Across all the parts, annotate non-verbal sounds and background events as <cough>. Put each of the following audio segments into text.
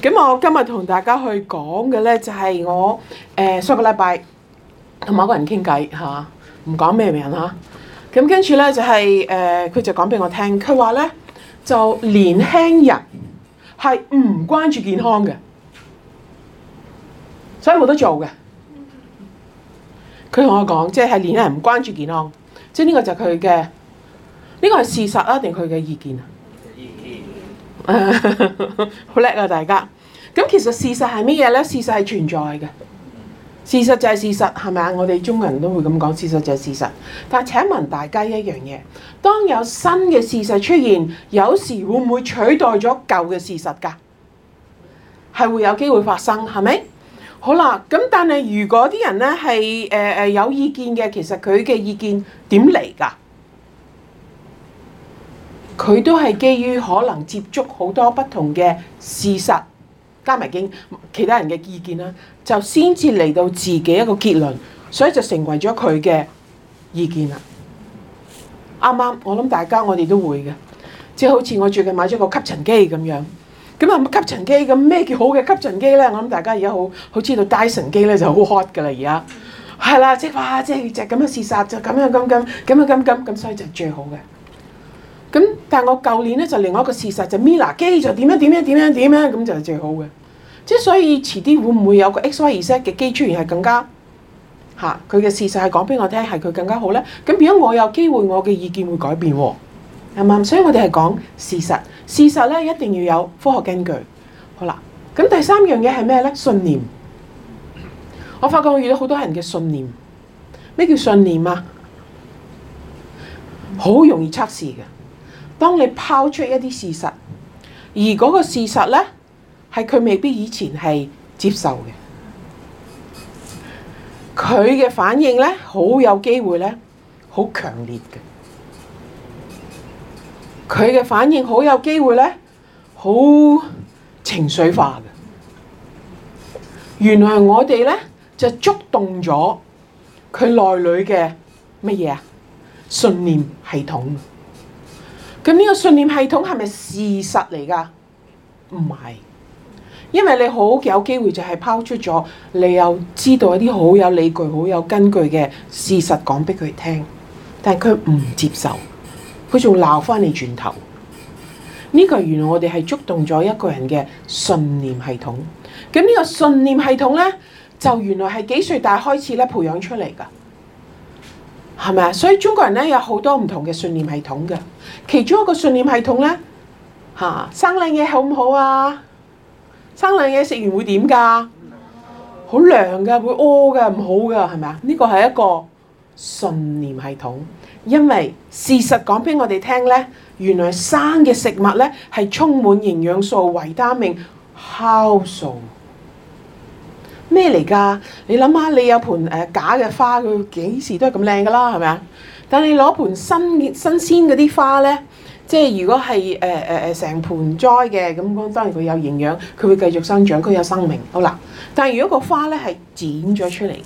咁我今日同大家去講嘅咧，就係、是、我誒、呃、上個禮拜同某個人傾偈吓，唔講咩名啦。咁跟住咧就係、是、誒，佢、呃、就講俾我聽，佢話咧就年輕人係唔關注健康嘅，所以冇得做嘅。佢同我講，即、就、係、是、年輕人唔關注健康，即係呢個就係佢嘅呢個係事實啊，定佢嘅意見啊？ <laughs> 好叻啊！大家咁其實事實係咩嘢呢？事實係存在嘅，事實就係事實，係咪啊？我哋中國人都會咁講，事實就係事實。但請問大家一樣嘢：當有新嘅事實出現，有時會唔會取代咗舊嘅事實噶？係會有機會發生，係咪？好啦，咁但係如果啲人咧係誒誒有意見嘅，其實佢嘅意見點嚟噶？佢都係基於可能接觸好多不同嘅事實，加埋經其他人嘅意見啦，就先至嚟到自己一個結論，所以就成為咗佢嘅意見啦。啱啱我諗大家我哋都會嘅，即係好似我最近買咗個吸塵機咁樣，咁啊吸塵機咁，咩叫好嘅吸塵機咧？我諗大家而家好好知道 Dyson 機咧就好 hot 噶啦，而家係啦，即係話即係就咁樣事實就咁樣咁咁咁啊咁咁咁所以就係最好嘅。咁但係我舊年咧就另外一個事實就 Mina 機就點樣點樣點樣點樣咁就最好嘅，即係所以遲啲會唔會有個 X Y 二 set 嘅機出現係更加吓佢嘅事實係講俾我聽係佢更加好咧，咁變咗我有機會我嘅意見會改變喎，係咪？所以我哋係講事實，事實咧一定要有科學根據，好啦。咁第三樣嘢係咩咧？信念。我發覺我遇到好多人嘅信念，咩叫信念啊？好容易測試嘅。當你拋出一啲事實，而嗰個事實呢，係佢未必以前係接受嘅，佢嘅反應呢，好有機會呢，好強烈嘅，佢嘅反應好有機會呢，好情緒化嘅。原來我哋呢，就觸動咗佢內裏嘅乜嘢啊？信念系統。咁呢個信念系統係咪事實嚟噶？唔係，因為你好有機會就係拋出咗，你又知道一啲好有理據、好有根據嘅事實講俾佢聽，但係佢唔接受，佢仲鬧翻你轉頭。呢個原來我哋係觸動咗一個人嘅信念系統。咁呢個信念系統咧，就原來係幾歲大開始咧培養出嚟噶。係咪啊？所以中國人咧有好多唔同嘅信念系統嘅，其中一個信念系統咧，嚇生冷嘢好唔好啊？生冷嘢食完會點噶？好涼嘅，會屙嘅，唔好嘅，係咪啊？呢個係一個信念系統，因為事實講俾我哋聽咧，原來生嘅食物咧係充滿營養素、維他命、酵素。咩嚟㗎？你諗下，你有盆誒假嘅花，佢幾時都係咁靚㗎啦，係咪啊？但你攞盆新嘅新鮮嗰啲花咧，即係如果係誒誒誒成盆栽嘅，咁當然佢有營養，佢會繼續生長，佢有生命。好啦，但係如果個花咧係剪咗出嚟嘅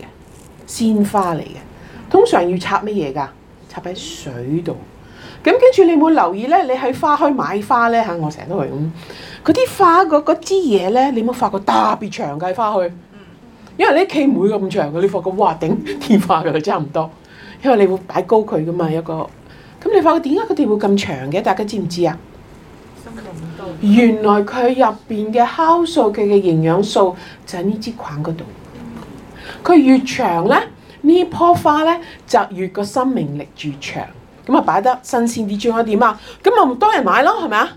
鮮花嚟嘅，通常要插乜嘢㗎？插喺水度。咁跟住你有冇留意咧？你喺花墟買花咧嚇，我成日都係咁。嗰啲花嗰嗰枝嘢咧，你冇發覺特別長嘅花去？因為啲唔會咁長嘅，你發覺哇頂天花嘅，差唔多。因為你會擺高佢嘅嘛，有一個。咁你發覺點解佢哋會咁長嘅？大家知唔知啊？原來佢入邊嘅酵素，佢嘅營養素就喺呢支款嗰度。佢越長咧，呢棵花咧就越個生命力越長。咁啊，擺得新鮮啲，仲可以點啊？咁啊，多人買咯，係咪啊？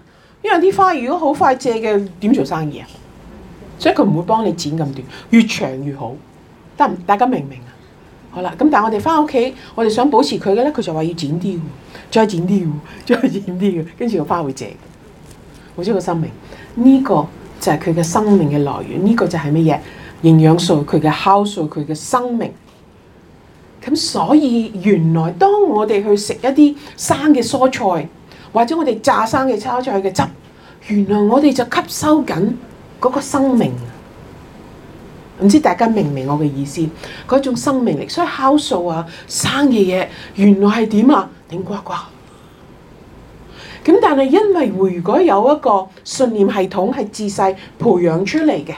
因為啲花如果好快謝嘅，點做生意啊？所以佢唔會幫你剪咁短，越長越好。大家明唔明啊？好啦，咁但係我哋返屋企，我哋想保持佢嘅呢，佢就話要剪啲，再剪啲，再剪啲，跟住個花會謝嘅。好咗個生命，呢、這個就係佢嘅生命嘅來源。呢、這個就係乜嘢？營養素，佢嘅酵素，佢嘅生命。咁所以原來當我哋去食一啲生嘅蔬菜，或者我哋榨生嘅蔬菜嘅汁，原來我哋就吸收緊。嗰個生命，唔知大家明唔明我嘅意思？嗰種生命力，所以酵素啊、生嘅嘢，原來係點啊？頂呱呱！咁但係因為如果有一個信念系統係自細培養出嚟嘅，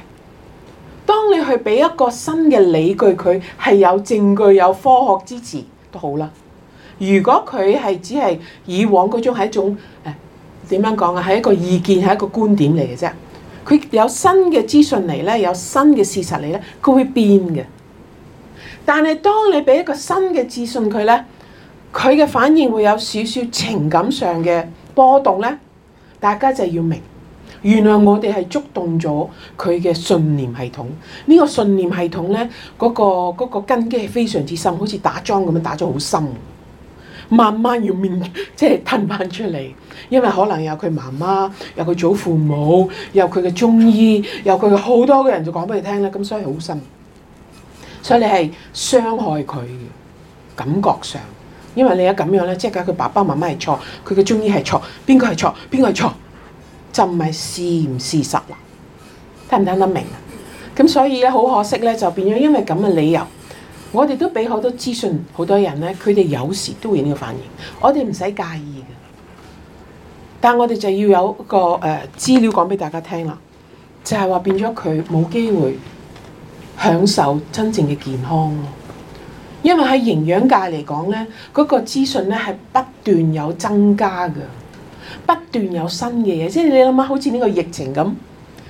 當你去俾一個新嘅理據，佢係有證據、有科學支持都好啦。如果佢係只係以往嗰種係一種誒，點樣講啊？係一個意見，係一個觀點嚟嘅啫。佢有新嘅資訊嚟咧，有新嘅事實嚟咧，佢會變嘅。但係當你俾一個新嘅資訊佢咧，佢嘅反應會有少少情感上嘅波動咧。大家就要明，原來我哋係觸動咗佢嘅信念系統。呢個信念系統咧，嗰個嗰個根基係非常之深，好似打樁咁樣打咗好深。慢慢要面即係褪翻出嚟，因為可能有佢媽媽，有佢祖父母，有佢嘅中醫，有佢好多嘅人就講俾你聽啦，咁所以好深，所以你係傷害佢嘅感覺上，因為你而家咁樣咧，即係佢爸爸媽媽係錯，佢嘅中醫係錯，邊個係錯？邊個係錯？就唔係事唔事實啦，聽唔聽得明啊？咁所以咧，好可惜咧，就變咗因為咁嘅理由。我哋都畀好多資訊，好多人呢，佢哋有時都會呢個反應，我哋唔使介意嘅。但我哋就要有一個呃，資料講俾大家聽啦，就係話變咗佢冇機會享受真正嘅健康。因為喺營養界嚟講咧，嗰個資訊係不斷有增加嘅，不斷有新嘅嘢。即係你諗下，好似呢個疫情咁。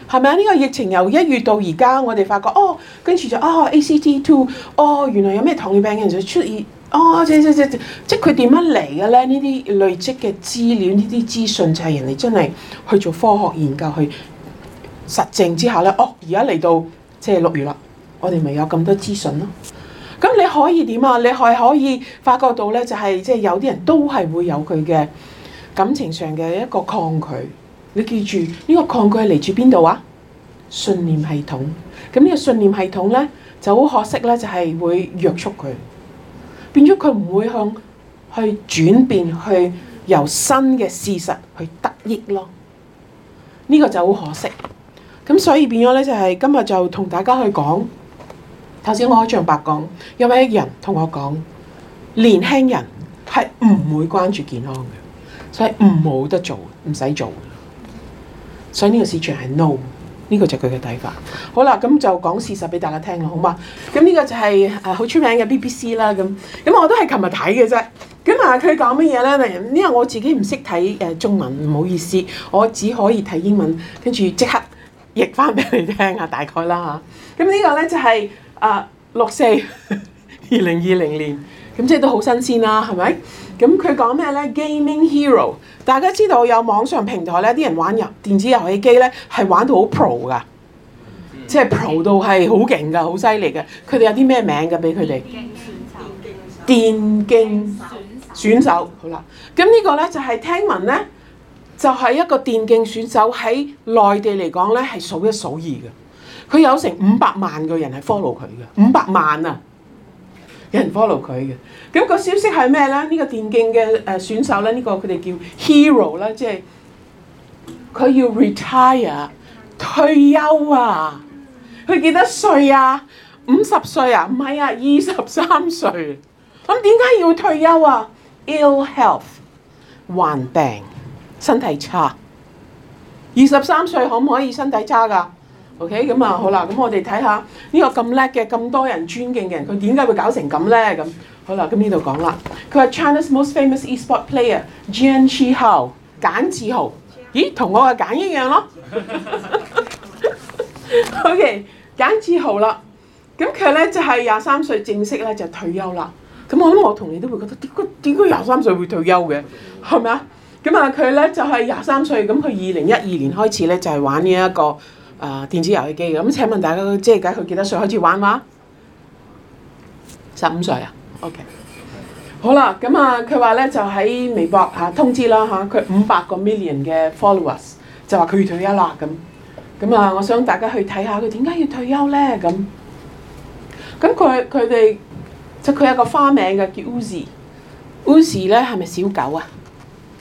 係咪啊？呢個疫情由一月到而家，我哋發覺哦，跟住就哦 A C T two，哦原來有咩糖尿病嘅人就出現，哦即即即即佢點樣嚟嘅咧？呢啲累積嘅資料，呢啲資訊就係人哋真係去做科學研究去實證之下咧，哦，哦而家嚟到即係六月啦，我哋咪有咁多資訊咯。咁你可以點啊？你係可以發覺到咧，就係即係有啲人都係會有佢嘅感情上嘅一個抗拒。你記住呢個抗拒係嚟自邊度啊？信念系統。咁呢個信念系統咧，就好可惜咧，就係會約束佢，變咗佢唔會向去轉變，去由新嘅事實去得益咯。呢個就好可惜。咁所以變咗咧，就係今日就同大家去講。頭先我好似白講，有位人同我講，年輕人係唔會關注健康嘅，所以唔冇得做，唔使做，所以呢個市場係 no，呢個就係佢嘅睇法。好啦，咁就講事實俾大家聽咯，好嗎？咁呢個就係誒好出名嘅 BBC 啦，咁咁我都係琴日睇嘅啫。咁啊，佢講乜嘢咧？因為我自己唔識睇誒中文，唔好意思，我只可以睇英文，跟住即刻譯翻俾你聽啊，大概啦嚇。咁呢個咧就係誒六四二零二零年。咁即係都好新鮮啦，係咪？咁佢講咩咧？Gaming Hero，大家知道有網上平台咧，啲人玩遊電子遊戲機咧，係玩到好 pro 噶，即係 pro 到係好勁噶，好犀利嘅。佢哋有啲咩名嘅？俾佢哋電競選手、電競選手。好啦。咁呢個咧就係聽聞咧，就係、就係、一個電競選手喺內地嚟講咧係數一數二嘅。佢有成五百萬個人係 follow 佢嘅，五百萬啊！有人 follow 佢嘅，咁個消息係咩咧？呢個電競嘅誒選手咧，呢個佢哋叫 Hero 啦，即係佢要 retire 退休啊！佢幾多歲啊？五十歲啊？唔係啊，二十三歲。咁點解要退休啊？Ill health 患病，身體差。二十三歲可唔可以身體差噶？OK，咁啊好啦，咁我哋睇下呢個咁叻嘅、咁多人尊敬嘅人，佢點解會搞成咁咧？咁好啦，咁呢度講啦，佢話 China's most famous e-sports player，Jian Zihao，簡志豪。咦，同我嘅簡一樣咯。 <laughs> <laughs> OK，簡志豪啦，咁佢咧就係廿三歲正式咧就是、退休啦。咁我諗我同你都會覺得點解點解廿三歲會退休嘅？係咪啊？咁啊佢咧就係廿三歲，咁佢二零一二年開始咧就係、是、玩呢一個。誒電子遊戲機嘅，咁請問大家即係佢幾多歲開始玩啊？十五歲啊，OK 好。好啦，咁啊，佢話咧就喺微博嚇通知啦嚇，佢五百個 million 嘅 followers 就話佢要退休啦咁。咁啊，我想大家去睇下佢點解要退休咧咁。咁佢佢哋即佢有個花名嘅叫 Uzi，Uzi 咧係咪小狗啊？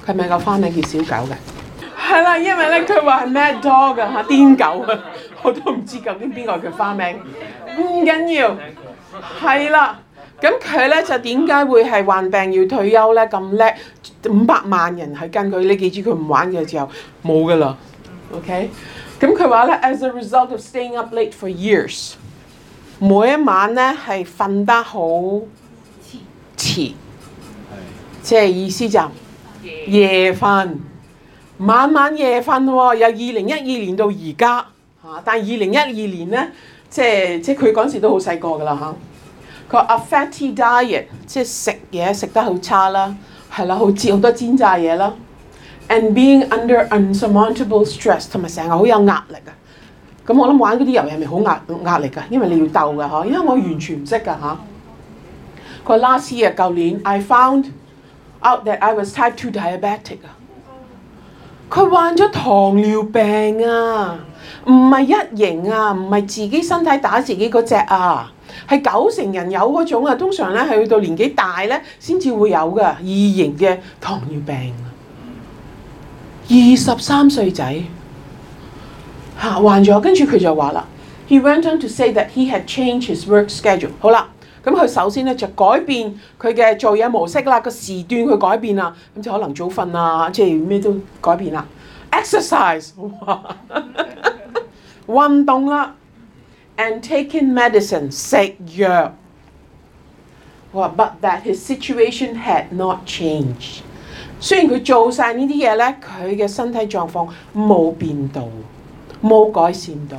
佢係咪個花名叫小狗嘅？係啦，因為咧佢話係 mad dog 啊，嚇癲狗啊，我都唔知究竟邊個係佢花名。唔、嗯、緊要，係啦，咁佢咧就點解會係患病要退休咧？咁叻五百萬人係跟佢，你記住佢唔玩嘅時候冇噶啦。OK，咁佢話咧，as a result of staying up late for years，每一晚咧係瞓得好遲，即係遲意思就是、夜瞓。夜晚晚夜瞓喎，由二零一二年到而家嚇，但二零一二年咧，即係即係佢嗰陣時都好細個㗎啦嚇。佢話 a fatty diet，即係食嘢食得好差啦，係啦，好似好多煎炸嘢啦。And being under unsurmountable stress，同埋成日好有壓力嘅。咁我諗玩嗰啲遊戲係咪好壓壓力㗎？因為你要鬥㗎嗬，因為我完全唔識㗎嚇。佢話 last year 舊年 I found out that I was type two diabetic。佢患咗糖尿病啊，唔係一型啊，唔係自己身體打自己嗰隻啊，係九成人有嗰種啊，通常咧係去到年紀大咧先至會有㗎二型嘅糖尿病。二十三歲仔嚇患咗，跟住佢就話啦：「He went on to say that he had changed his work schedule。」好啦。咁佢首先咧就改變佢嘅做嘢模式啦，個時段佢改變啦，咁就可能早瞓啊，即係咩都改變啦。Exercise，運動啊，and taking medicine 食藥。我話，but that his situation had not changed。雖然佢做晒呢啲嘢咧，佢嘅身體狀況冇變到，冇改善到。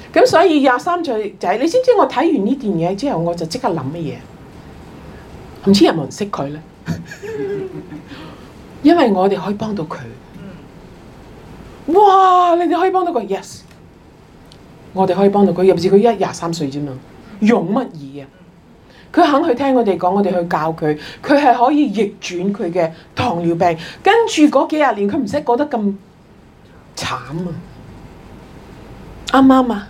咁所以廿三歲仔，你知唔知我睇完呢電影之後，我就即刻諗乜嘢？唔知有冇人識佢咧？ <laughs> 因為我哋可以幫到佢。哇！你哋可以幫到佢 yes，我哋可以幫到佢，尤其是佢一廿三歲啫嘛，用乜嘢啊？佢肯去聽我哋講，我哋去教佢，佢係可以逆轉佢嘅糖尿病。跟住嗰幾廿年，佢唔使過得咁慘啊！啱唔啱啊？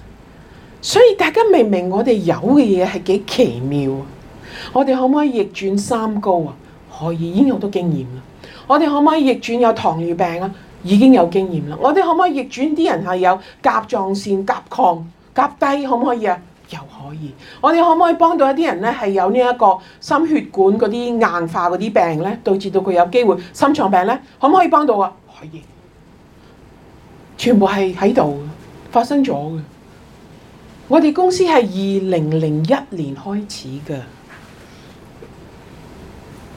所以大家明唔明我哋有嘅嘢係幾奇妙啊？我哋可唔可以逆轉三高啊？可以，已經有好多經驗啦。我哋可唔可以逆轉有糖尿病啊？已經有經驗啦。我哋可唔可以逆轉啲人係有甲狀腺甲亢甲低，可唔可以啊？又可以。我哋可唔可以幫到一啲人咧係有呢一個心血管嗰啲硬化嗰啲病咧，導致到佢有機會心臟病咧？可唔可以幫到啊？可以。全部係喺度發生咗嘅。我哋公司係二零零一年開始嘅，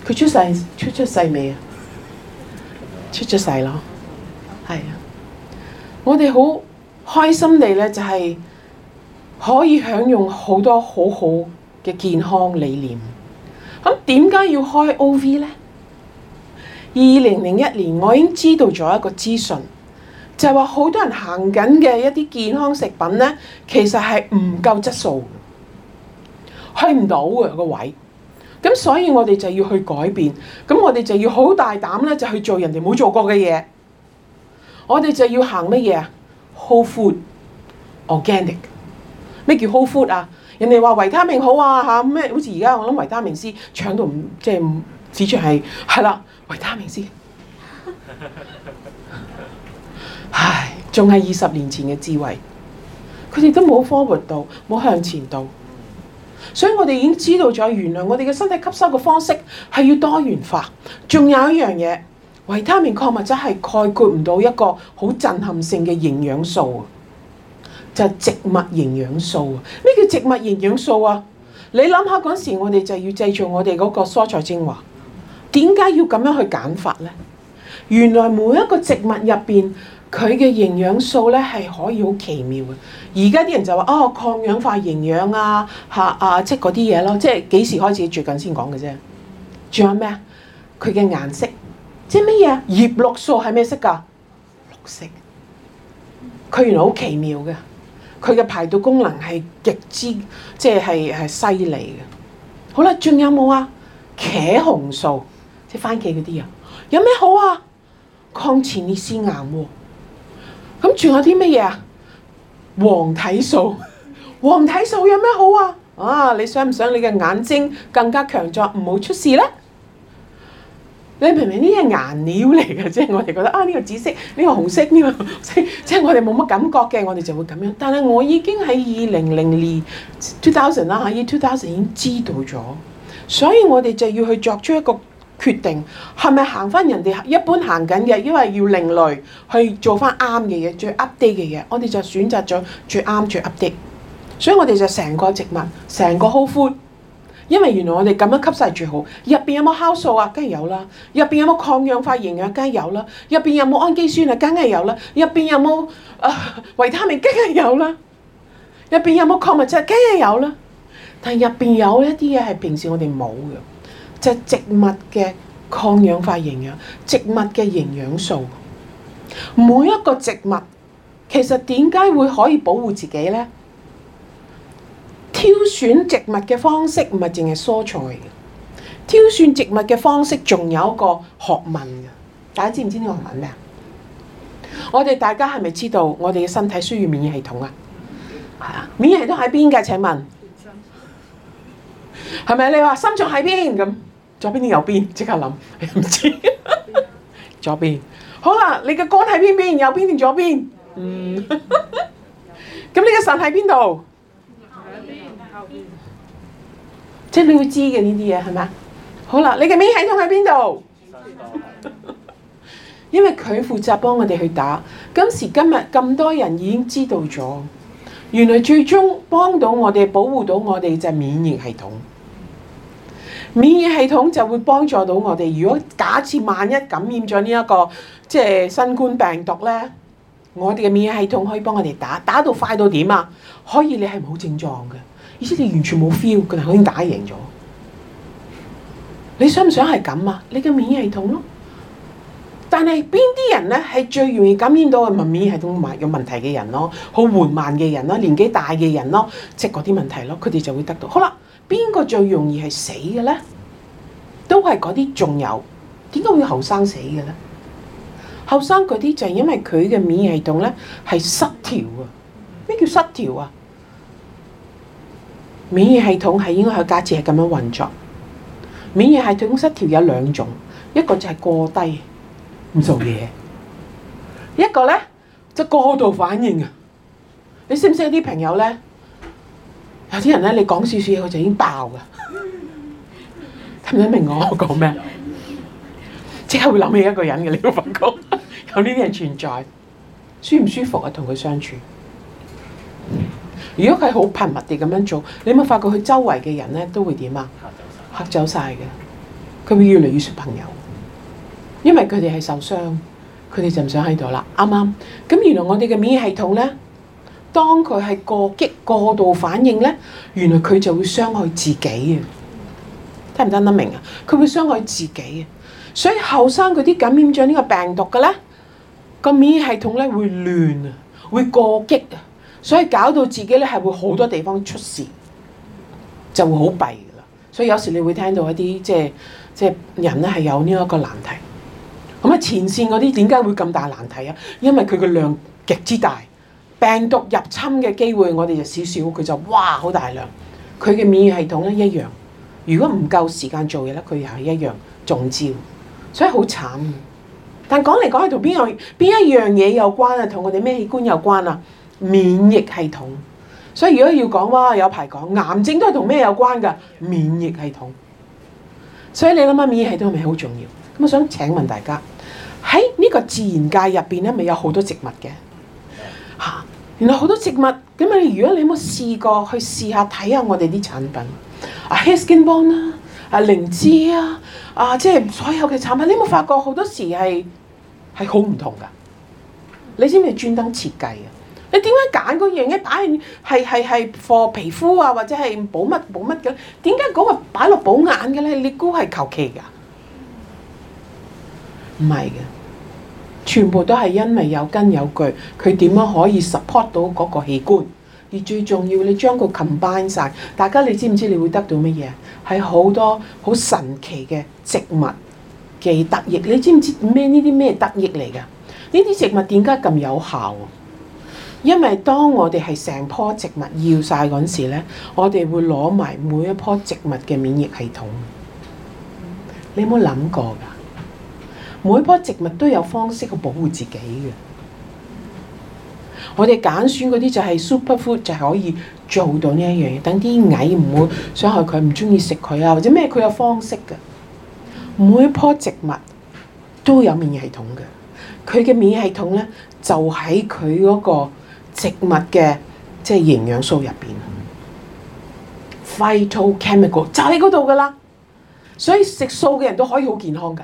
佢出世出世未啊？出咗世咯，係啊！我哋好開心地咧，就係可以享用好多好好嘅健康理念。咁點解要開 OV 咧？二零零一年我已經知道咗一個資訊。就係話好多人行緊嘅一啲健康食品咧，其實係唔夠質素的，去唔到啊個位置。咁所以我哋就要去改變，咁我哋就要好大膽咧，就去做人哋冇做過嘅嘢。我哋就要行乜嘢？Whole food organic。咩叫 whole food 啊？人哋話維他命好啊嚇，咩好似而家我諗維他命 C 搶到，即係指住係係啦，維他命 C。唉，仲係二十年前嘅智慧，佢哋都冇科活到，冇向前到。所以我哋已經知道咗，原來我哋嘅身體吸收嘅方式係要多元化。仲有一樣嘢，維他命礦物質係概括唔到一個好震撼性嘅營養素，就係植物營養素。咩叫植物營養素啊？你諗下嗰時我哋就要製造我哋嗰個蔬菜精華，點解要咁樣去揀法咧？原來每一個植物入邊。佢嘅營養素咧係可以好奇妙嘅，而家啲人就話哦抗氧化營養啊吓啊即係嗰啲嘢咯，即係幾時開始最近先講嘅啫？仲有咩啊？佢嘅顏色即係咩嘢？葉綠素係咩色㗎？綠色。佢原來好奇妙嘅，佢嘅排毒功能係極之即係係係犀利嘅。好啦，仲有冇啊？茄紅素即係番茄嗰啲啊，有咩好啊？抗前列腺癌喎。咁仲有啲乜嘢啊？黃體素，黃體素有咩好啊？啊，你想唔想你嘅眼睛更加強壯，唔好出事咧？你明唔明呢啲係顏料嚟嘅，即係我哋覺得啊，呢個紫色，呢個紅色，呢個即係我哋冇乜感覺嘅，我哋就會咁樣。但係我已經喺二零零二 two thousand 啦，喺 two thousand 已經知道咗，所以我哋就要去作出一個。決定係咪行翻人哋一般行緊嘅？因為要另類去做翻啱嘅嘢，最 update 嘅嘢，我哋就選擇咗最啱最 update。所以我哋就成個植物，成個 whole food。因為原來我哋咁樣吸晒最好，入邊有冇酵素啊？梗係有啦。入邊有冇抗氧化營養？梗係有啦。入邊有冇氨基酸有有啊？梗係有啦。入邊有冇啊維他命？梗係有啦。入邊有冇礦物質？梗係有啦。但係入邊有一啲嘢係平時我哋冇嘅。即係植物嘅抗氧化營養，植物嘅營養素，每一個植物其實點解會可以保護自己咧？挑選植物嘅方式唔係淨係蔬菜嘅，挑選植物嘅方式仲有一個學問嘅。大家知唔知呢個學問咩啊？我哋大家係咪知道我哋嘅身體需要免疫系統啊？係啊，免疫系統喺邊㗎？請問，係咪你話心臟喺邊咁？左邊定右邊？即刻諗，唔知。左邊，好啦，你嘅肝喺邊邊？右邊定左邊？邊嗯，咁你嘅腎喺邊度？右邊、右 <laughs> 邊。右邊右邊，即係你要知嘅呢啲嘢係咪？好啦，你嘅免疫系統喺邊度？因為佢負責幫我哋去打。今時今日咁多人已經知道咗，原來最終幫到我哋、保護到我哋就免疫系統。免疫系統就會幫助到我哋。如果假設萬一感染咗呢一個即係新冠病毒咧，我哋嘅免疫系統可以幫我哋打，打到快到點啊！可以你係冇症狀嘅，意思你完全冇 feel，佢已經打贏咗。你想唔想係咁啊？你嘅免疫系統咯。但係邊啲人咧係最容易感染到嘅？咪免疫系統有問題嘅人咯，好緩慢嘅人咯，年紀大嘅人咯，即係嗰啲問題咯，佢哋就會得到。好啦。邊個最容易係死嘅咧？都係嗰啲仲有，點解會後生死嘅咧？後生嗰啲就係因為佢嘅免疫系統咧係失調啊！咩叫失調啊？免疫系統係應該個機制係咁樣運作，免疫系統失調有兩種，一個就係過低唔做嘢，一個咧即係過度反應啊！你識唔識啲朋友咧？有啲人咧，你講少少嘢佢就已經爆噶，聽唔聽明我講咩？即刻會諗起一個人嘅你個分工，有呢啲人存在，舒唔舒服啊？同佢相處，嗯、如果佢好頻密地咁樣做，你有冇發覺佢周圍嘅人咧都會點啊？嚇走晒嘅，佢會越嚟越少朋友，因為佢哋係受傷，佢哋就唔想喺度啦。啱啱？咁原來我哋嘅免疫系統咧。當佢係過激過度反應咧，原來佢就會傷害自己啊，聽唔聽得明啊？佢會傷害自己啊！所以後生嗰啲感染咗呢個病毒嘅咧，個免疫系統咧會亂啊，會過激啊，所以搞到自己咧係會好多地方出事，就會好弊噶啦。所以有時你會聽到一啲即係即係人咧係有呢一個難題。咁啊，前線嗰啲點解會咁大難題啊？因為佢嘅量極之大。病毒入侵嘅機會，我哋就少少，佢就哇好大量。佢嘅免疫系統咧一樣，如果唔夠時間做嘢咧，佢又係一樣中招，所以好慘。但講嚟講去同邊個邊一樣嘢有關啊？同我哋咩器官有關啊？免疫系統。所以如果要講哇，有排講，癌症都係同咩有關噶？免疫系統。所以你諗下免疫系統係咪好重要？咁我想請問大家喺呢個自然界入邊咧，咪有好多植物嘅？原來好多植物咁你如果你有冇試過去試下睇下我哋啲產品啊，haskin bone 啦，啊靈芝啊，啊即係所有嘅產品，你有冇發覺好多時係係好唔同噶？你知唔知專登設計啊？你點解揀嗰樣嘢打擺係係係 for 皮膚啊，或者係保乜保乜嘅？點解嗰個擺落保眼嘅咧？你估係求其㗎？唔係嘅。全部都係因為有根有據，佢點樣可以 support 到嗰個器官？而最重要，你將個 combine 晒，大家你知唔知你會得到乜嘢？係好多好神奇嘅植物嘅得益。你知唔知咩呢啲咩得益嚟㗎？呢啲植物點解咁有效？因為當我哋係成棵植物要晒嗰陣時咧，我哋會攞埋每一棵植物嘅免疫系統。你有冇諗過㗎？每一棵植物都有方式去保護自己嘅。我哋揀選嗰啲就係 superfood，就係可以做到呢一樣嘢。等啲蟻唔會傷害佢，唔鍾意食佢呀，或者咩佢有方式嘅。每一棵植物都有免疫系統嘅。佢嘅免疫系統呢，就喺佢嗰個植物嘅即係營養素入面。phytochemical 就喺嗰度噶啦。所以食素嘅人都可以好健康㗎。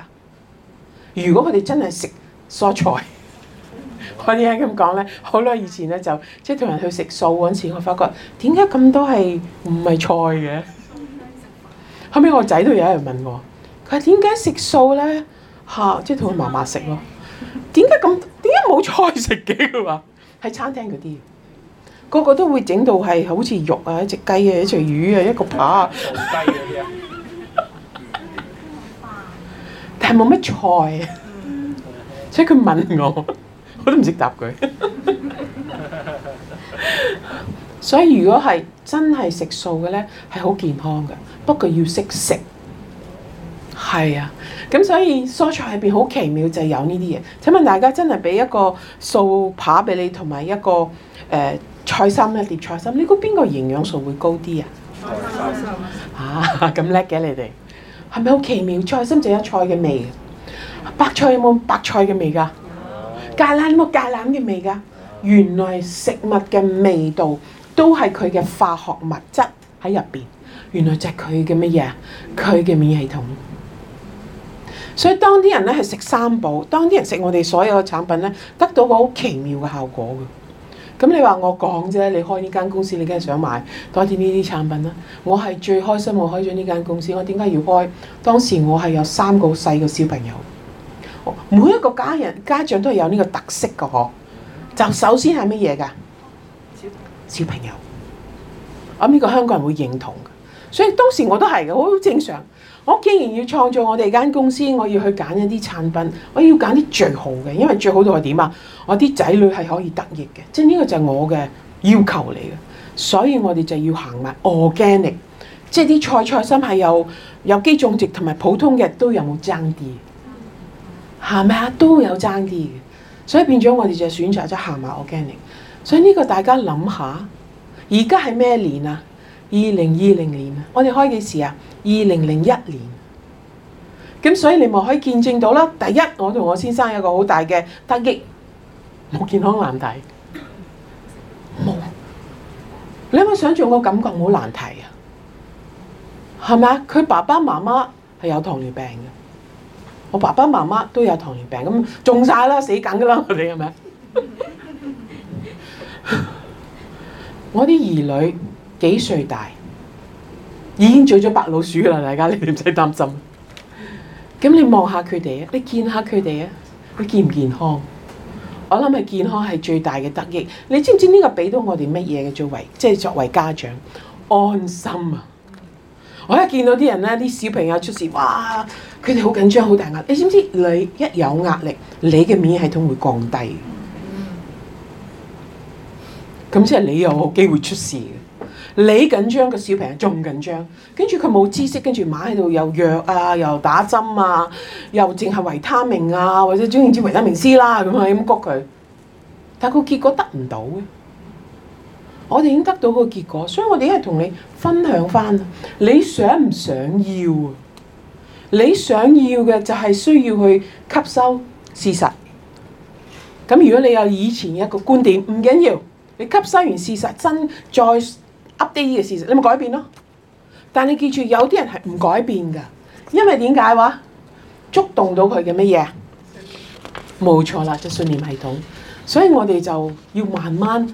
如果佢哋真係食蔬菜，可以係咁講咧。好耐以前咧，就即係同人去食素嗰陣時，我發覺點解咁多係唔係菜嘅？後尾我仔都有人問我，佢話點解食素咧？吓、啊，即係同佢嫲嫲食咯。點解咁？點解冇菜食嘅？佢話喺餐廳嗰啲，個個都會整到係好似肉啊、一隻雞啊、一隻魚啊、一個扒啊、同雞啲啊。 <laughs> 但係冇乜菜，所以佢問我，我都唔識答佢。 <laughs> 所以如果係真係食素嘅咧，係好健康嘅，不過要識食。係啊，咁所以蔬菜入邊好奇妙就有呢啲嘢。請問大家真係俾一個素扒俾你同埋一個誒菜心一碟菜心，你估邊個營養素會高啲菜心啊？啊，咁叻嘅你哋！係咪好奇妙菜的？甚至有菜嘅味，白菜有冇白菜嘅味㗎？芥蘭有冇芥蘭嘅味㗎？原來食物嘅味道都係佢嘅化學物質喺入面，原來就係佢嘅乜嘢？佢嘅免疫系統。所以當啲人係食三寶，當啲人食我哋所有嘅產品，得到個好奇妙嘅效果。咁你話我講啫，你開呢間公司，你梗係想買多啲呢啲產品啦。我係最開心，我開咗呢間公司。我點解要開？當時我係有三個細嘅小朋友，每一個家人家長都係有呢個特色嘅呵。就首先係乜嘢噶？小童。小朋友，我諗呢個香港人會認同嘅，所以當時我都係嘅，好正常。我既然要創造我哋間公司，我要去揀一啲產品，我要揀啲最好嘅，因為最好都係點啊？我啲仔女係可以得益嘅，即係呢個就係我嘅要求嚟嘅，所以我哋就要行埋 organic，即係啲菜菜心係有有機種植同埋普通嘅都有冇爭啲，行埋都有爭啲嘅，所以變咗我哋就選擇咗行埋 organic。所以呢個大家諗下，而家係咩年啊？二零二零年啊，我哋開幾時啊？二零零一年，咁所以你咪可以見證到啦。第一，我同我先生有一個好大嘅得益冇健康難題，冇。你有冇想象我感覺冇難題啊？係咪啊？佢爸爸媽媽係有糖尿病嘅，我爸爸媽媽都有糖尿病，咁中晒啦，死梗㗎啦， <laughs> 我哋係咪啊？我啲兒女幾歲大？已經做咗白老鼠啦，大家你哋唔使擔心。咁你望下佢哋啊，你見下佢哋啊，佢健唔健康？我諗係健康係最大嘅得益。你知唔知呢個俾到我哋乜嘢嘅？作為即係作為家長安心啊！我一見到啲人咧，啲小朋友出事，哇！佢哋好緊張，好大壓力。你知唔知你一有壓力，你嘅免疫系統會降低，咁即係你有機會出事。你緊張個小朋友仲緊張，跟住佢冇知識，跟住買喺度又藥啊，又打針啊，又淨係維他命啊，或者總言之維他命 C 啦咁樣谷佢。但係佢結果得唔到嘅，我哋已經得到個結果，所以我哋係同你分享翻。你想唔想要？你想要嘅就係需要去吸收事實。咁如果你有以前一個觀點，唔緊要，你吸收完事實真再。u p 嘅事實，你咪改變咯。但你記住，有啲人係唔改變噶，因為點解話觸動到佢嘅乜嘢？冇錯啦，就信念系統。所以我哋就要慢慢、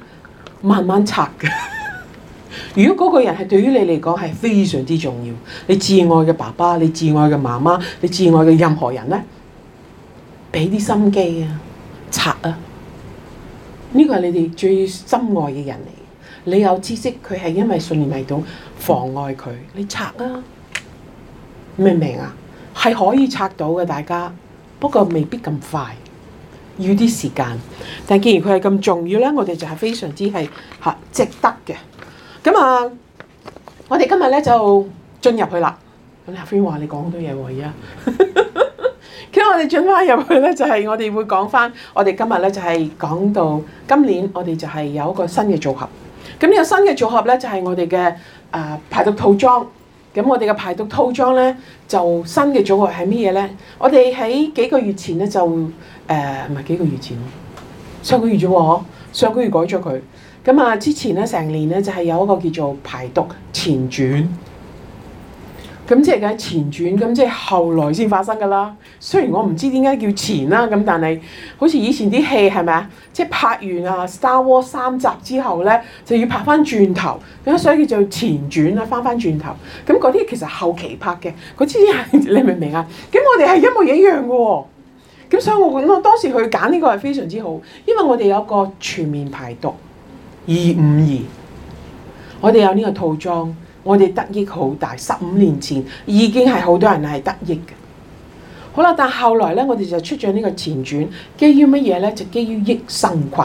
慢慢拆嘅。 <laughs> 如果嗰個人係對於你嚟講係非常之重要，你至愛嘅爸爸、你至愛嘅媽媽、你至愛嘅任何人咧，俾啲心機啊，拆啊！呢、這個係你哋最深愛嘅人嚟。你有知識，佢係因為信念系統妨礙佢，你拆啊，明唔明啊？係可以拆到嘅，大家不過未必咁快，要啲時間。但既然佢係咁重要咧，我哋就係非常之係嚇值得嘅咁啊！我哋今日咧就進入去啦。咁阿飛話你講好多嘢喎，而家。咁我哋進翻入去咧，就係我哋會講翻，我哋今日咧就係講到今年，我哋就係有一個新嘅組合。咁呢個新嘅組合咧，就係我哋嘅排毒套裝。咁我哋嘅排毒套裝呢，就新嘅組合係咩嘢呢？我哋喺幾個月前咧就誒，唔係幾個月前咯，上個月啫喎，上個月改咗佢。咁啊，之前呢，成年呢，就係有一個叫做排毒前傳。咁即係嘅前傳，咁即係後來先發生噶啦。雖然我唔知點解叫前啦，咁但係好似以前啲戲係咪啊？即係拍完啊《Star Wars》三集之後咧，就要拍翻轉頭，咁所以叫做前傳啊，翻翻轉頭。咁嗰啲其實是後期拍嘅，佢知唔知啊？你明唔明啊？咁我哋係一模一樣嘅喎。咁所以我覺得當時佢揀呢個係非常之好，因為我哋有一個全面排毒二五二，我哋有呢個套裝。我哋得益好大，十五年前已經係好多人係得益嘅，好啦。但係後來咧，我哋就出咗呢個前傳，基於乜嘢咧？就基於益生菌。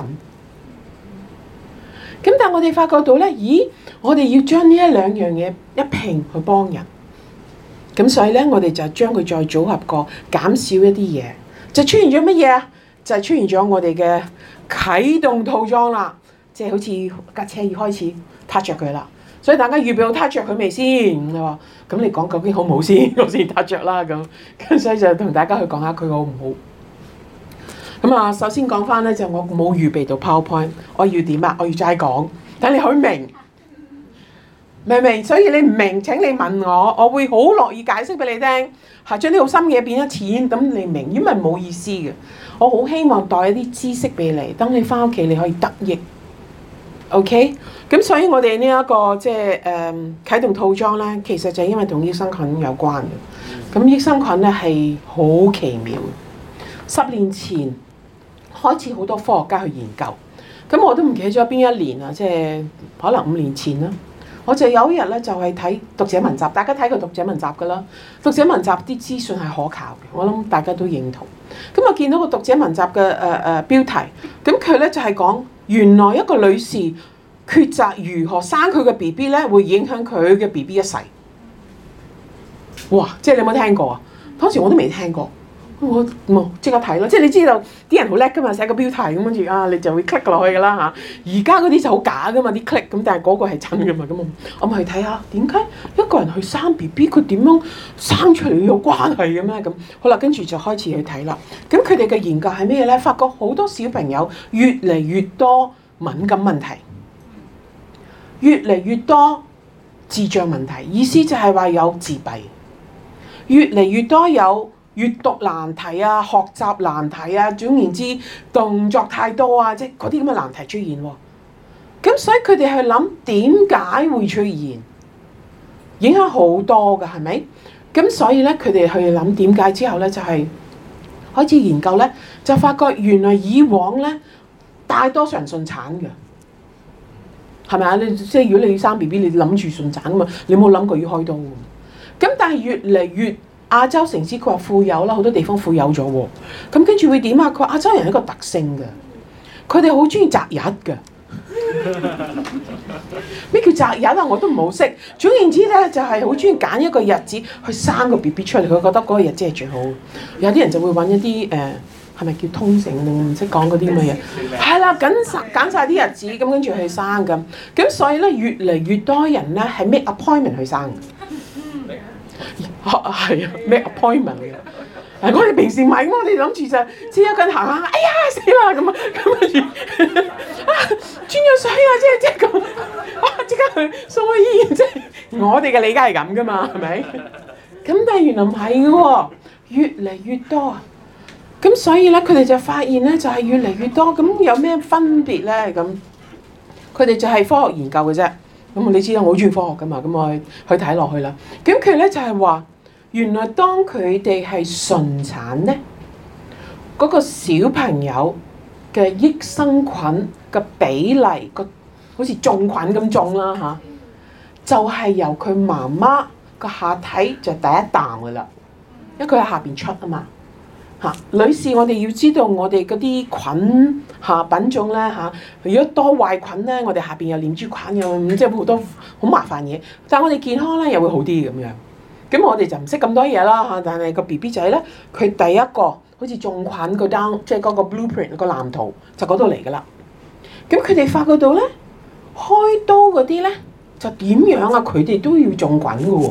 咁但係我哋發覺到咧，咦？我哋要將呢一兩樣嘢一拼去幫人。咁所以咧，我哋就將佢再組合過，減少一啲嘢，就出現咗乜嘢啊？就係出現咗我哋嘅啟動套裝啦，即係好似架車要開始撻着佢啦。所以大家預備好 touch 著佢未先？你話咁你講究竟好唔好先？我先 touch 著啦咁。咁所以就同大家去講下佢好唔好。咁啊，首先講翻咧就我冇預備到 PowerPoint，我要點啊？我要齋講，等你好明，明唔明？所以你唔明請你問我，我會好樂意解釋俾你聽。係將啲好深嘢變咗淺，咁你明？因為冇意思嘅。我好希望帶啲知識俾你，等你翻屋企你可以得益。OK，咁所以我哋呢一個即係誒啟動套裝咧，其實就因為同益生菌有關嘅。咁益生菌咧係好奇妙。十年前開始好多科學家去研究，咁我都唔記得咗邊一年啦，即係可能五年前啦。我就有一日咧就係睇讀者文集，大家睇過讀者文集噶啦，讀者文集啲資訊係可靠嘅，我諗大家都認同。咁我見到個讀者文集嘅誒誒標題，咁佢咧就係講。原來一個女士抉擇如何生佢嘅 BB 咧，會影響佢嘅 BB 一世。哇！即係你有冇聽過啊？當時我都未聽過。我冇即刻睇咯，即係你知道啲人好叻噶嘛，寫個標題咁跟住啊，你就會 click 落去噶啦吓。而家嗰啲就好假噶嘛，啲 click 咁，但係嗰個係真噶嘛咁，我咪去睇下點解一個人去生 BB，佢點樣生出嚟有關係嘅咩咁？好啦，跟住就開始去睇啦。咁佢哋嘅研究係咩咧？發覺好多小朋友越嚟越多敏感問題，越嚟越多智障問題，意思就係話有自閉，越嚟越多有。閱讀難題啊，學習難題啊，總言之，動作太多啊，即係嗰啲咁嘅難題出現喎、啊。咁所以佢哋去諗點解會出現，影響好多嘅，係咪？咁所以咧，佢哋去諗點解之後咧，就係、是、開始研究咧，就發覺原來以往咧大多數人順產嘅，係咪啊？即係如果你要生 B B，你諗住順產噶嘛，你冇諗過要開刀。咁但係越嚟越亞洲城市佢話富有啦，好多地方富有咗喎，咁跟住會點啊？佢話亞洲人係一個特性嘅，佢哋好中意擇日嘅。咩 <laughs> 叫擇日啊？我都唔好識。總言之咧，就係好中意揀一個日子去生個 B B 出嚟，佢覺得嗰個日子係最好。有啲人就會揾一啲誒，係咪叫通勝定唔識講嗰啲乜嘢？係啦，揀曬揀啲日子，咁跟住去生咁。咁所以咧，越嚟越多人咧係 make appointment 去生的。學係啊，咩 appointment 嚟啊？但係、啊、我哋平時買，我哋諗住就千一斤行行，哎呀死啦咁啊，咁啊住啊，穿咗水了啊，即係即係咁，即刻去送去醫院即係。我哋嘅理解係咁噶嘛，係咪？咁但係原來唔係噶喎，越嚟越多。啊。咁所以咧，佢哋就發現咧，就係越嚟越多。咁有咩分別咧？咁佢哋就係科學研究嘅啫。咁你知道我好中意科學㗎嘛，咁我去看下去睇落去啦。咁佢呢就係話，原來當佢哋係順產呢，嗰、那個小朋友嘅益生菌嘅比例個好似種菌咁種啦吓，就係、是、由佢媽媽個下體就第一啖噶啦，因為佢喺下面出吖嘛。女士，我哋要知道我哋嗰啲菌嚇、啊、品種咧嚇，啊、如果多壞菌咧，我哋下邊有念珠菌，有即係好多好麻煩嘢。但係我哋健康咧又會好啲咁樣。咁我哋就唔識咁多嘢啦嚇。但係個 B B 仔咧，佢第一個好似種菌嗰單，即係嗰個 blueprint 個藍圖就嗰度嚟噶啦。咁佢哋發覺到咧，開刀嗰啲咧就點樣啊？佢哋都要種菌嘅喎。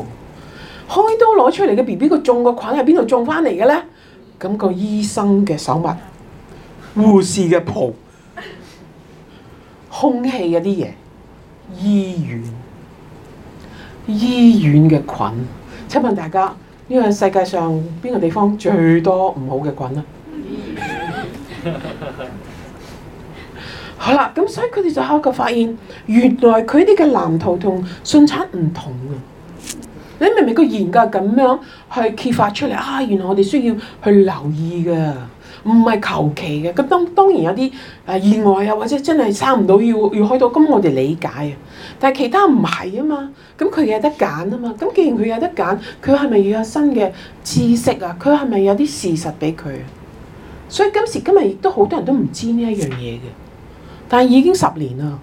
開刀攞出嚟嘅 B B 佢種個菌喺邊度種翻嚟嘅咧？咁個醫生嘅手襪、護士嘅袍、空氣嗰啲嘢、醫院、醫院嘅菌，請問大家呢個世界上邊個地方最多唔好嘅菌啊？ <laughs> 好啦，咁所以佢哋就後來發現，原來佢哋嘅藍圖同順產唔同嘅。你明唔明？個研究咁樣去揭發出嚟啊！原來我哋需要去留意嘅，唔係求其嘅。咁當當然有啲誒意外啊，或者真係差唔到要要開刀，咁我哋理解啊。但係其他唔係啊嘛，咁佢有得揀啊嘛。咁既然佢有得揀，佢係咪要有新嘅知識啊？佢係咪有啲事實俾佢啊？所以今時今日亦都好多人都唔知呢一樣嘢嘅，但係已經十年啦，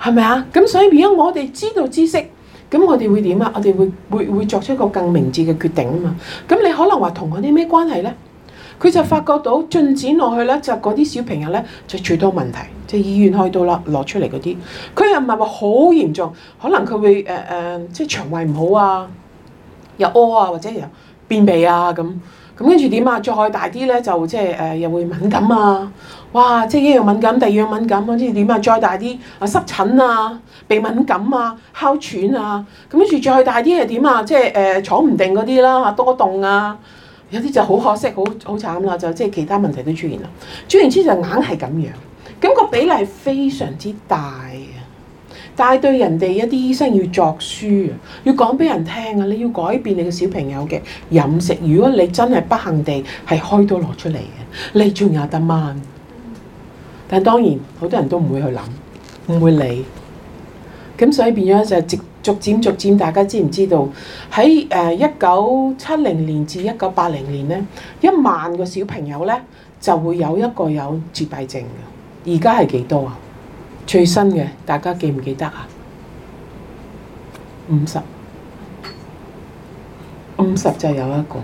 係咪啊？咁所以如果我哋知道知識。咁我哋會點啊？我哋會會會作出一個更明智嘅決定啊嘛！咁你可能話同嗰啲咩關係咧？佢就發覺到進展落去咧，就嗰啲小朋友咧就最多問題，即係醫院開到啦攞出嚟嗰啲，佢又唔係話好嚴重，可能佢會誒誒，即係腸胃唔好啊，又屙啊，或者又便秘啊咁，咁跟住點啊？再大啲咧就即係誒又會敏感啊。哇！即係一樣敏感，第二樣敏感，好似點啊？再大啲啊，濕疹啊、鼻敏感啊、哮喘啊，咁跟住再大啲係點啊？即係誒，坐、呃、唔定嗰啲啦嚇，多動啊，有啲就好可惜，好好慘啦，就即係其他問題都出現啦。出現之後硬係咁樣，咁個比例是非常之大啊！但係對人哋一啲醫生要作書啊，要講俾人聽啊，你要改變你嘅小朋友嘅飲食。如果你真係不幸地係開到落出嚟嘅，你仲有得問？但當然，好多人都唔會去諗，唔會理，咁所以變咗就係逐漸逐漸，大家知唔知道喺誒一九七零年至一九八零年呢，一萬個小朋友呢就會有一個有自閉症嘅。而家係幾多啊？最新嘅，大家記唔記得啊？五十，五十就有一個。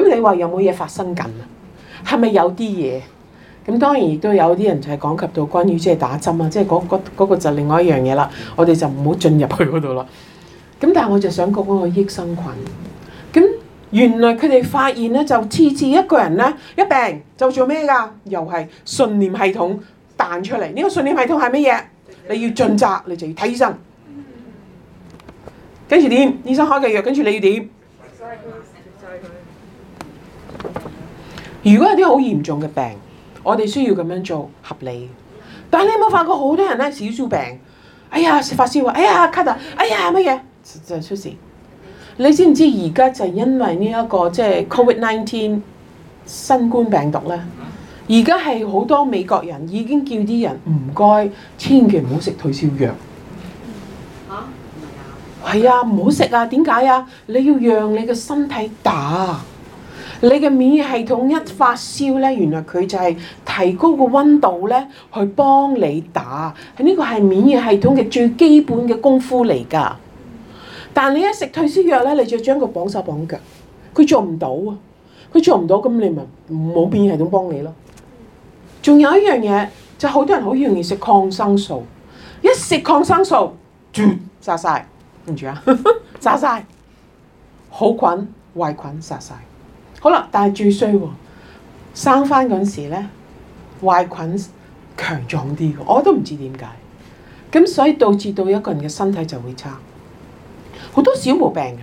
咁你話有冇嘢發生緊啊？係咪有啲嘢？咁當然亦都有啲人就係講及到關於即係打針啊，即係嗰個就另外一樣嘢啦。我哋就唔好進入去嗰度啦。咁但係我就想講嗰個益生菌。咁原來佢哋發現咧，就次次一個人咧一病就做咩噶？又係信念系統彈出嚟。呢個信念系統係乜嘢？你要盡責，你就要睇醫生。跟住點？醫生開嘅藥，跟住你要點？如果有啲好嚴重嘅病。我哋需要咁樣做合理，但你有冇發覺好多人呢？少少病，哎呀食發燒話、啊，哎呀咳啊，哎呀乜嘢就出事。你知唔知而家就係因為呢一個即係 COVID-19 新冠病毒呢？而家係好多美國人已經叫啲人唔該，千祈唔好食退燒藥。嚇係啊，唔好食啊，點解啊，啊？你要讓你嘅身體打。你嘅免疫系統一發燒呢，原來佢就係提高個温度呢，去幫你打。呢個係免疫系統嘅最基本嘅功夫嚟㗎。但你一食退燒藥呢，你就將佢綁手綁腳，佢做唔到啊！佢做唔到，咁你咪冇免疫系統幫你咯。仲有一樣嘢，就好多人好容易食抗生素。一食抗生素，絕、呃、殺曬，對唔住啊，哈哈，殺曬好菌、壞菌殺曬。好啦，但係最衰喎，生翻嗰時咧，壞菌強壯啲嘅，我都唔知點解。咁所以導致到一個人嘅身體就會差，好多小毛病嘅。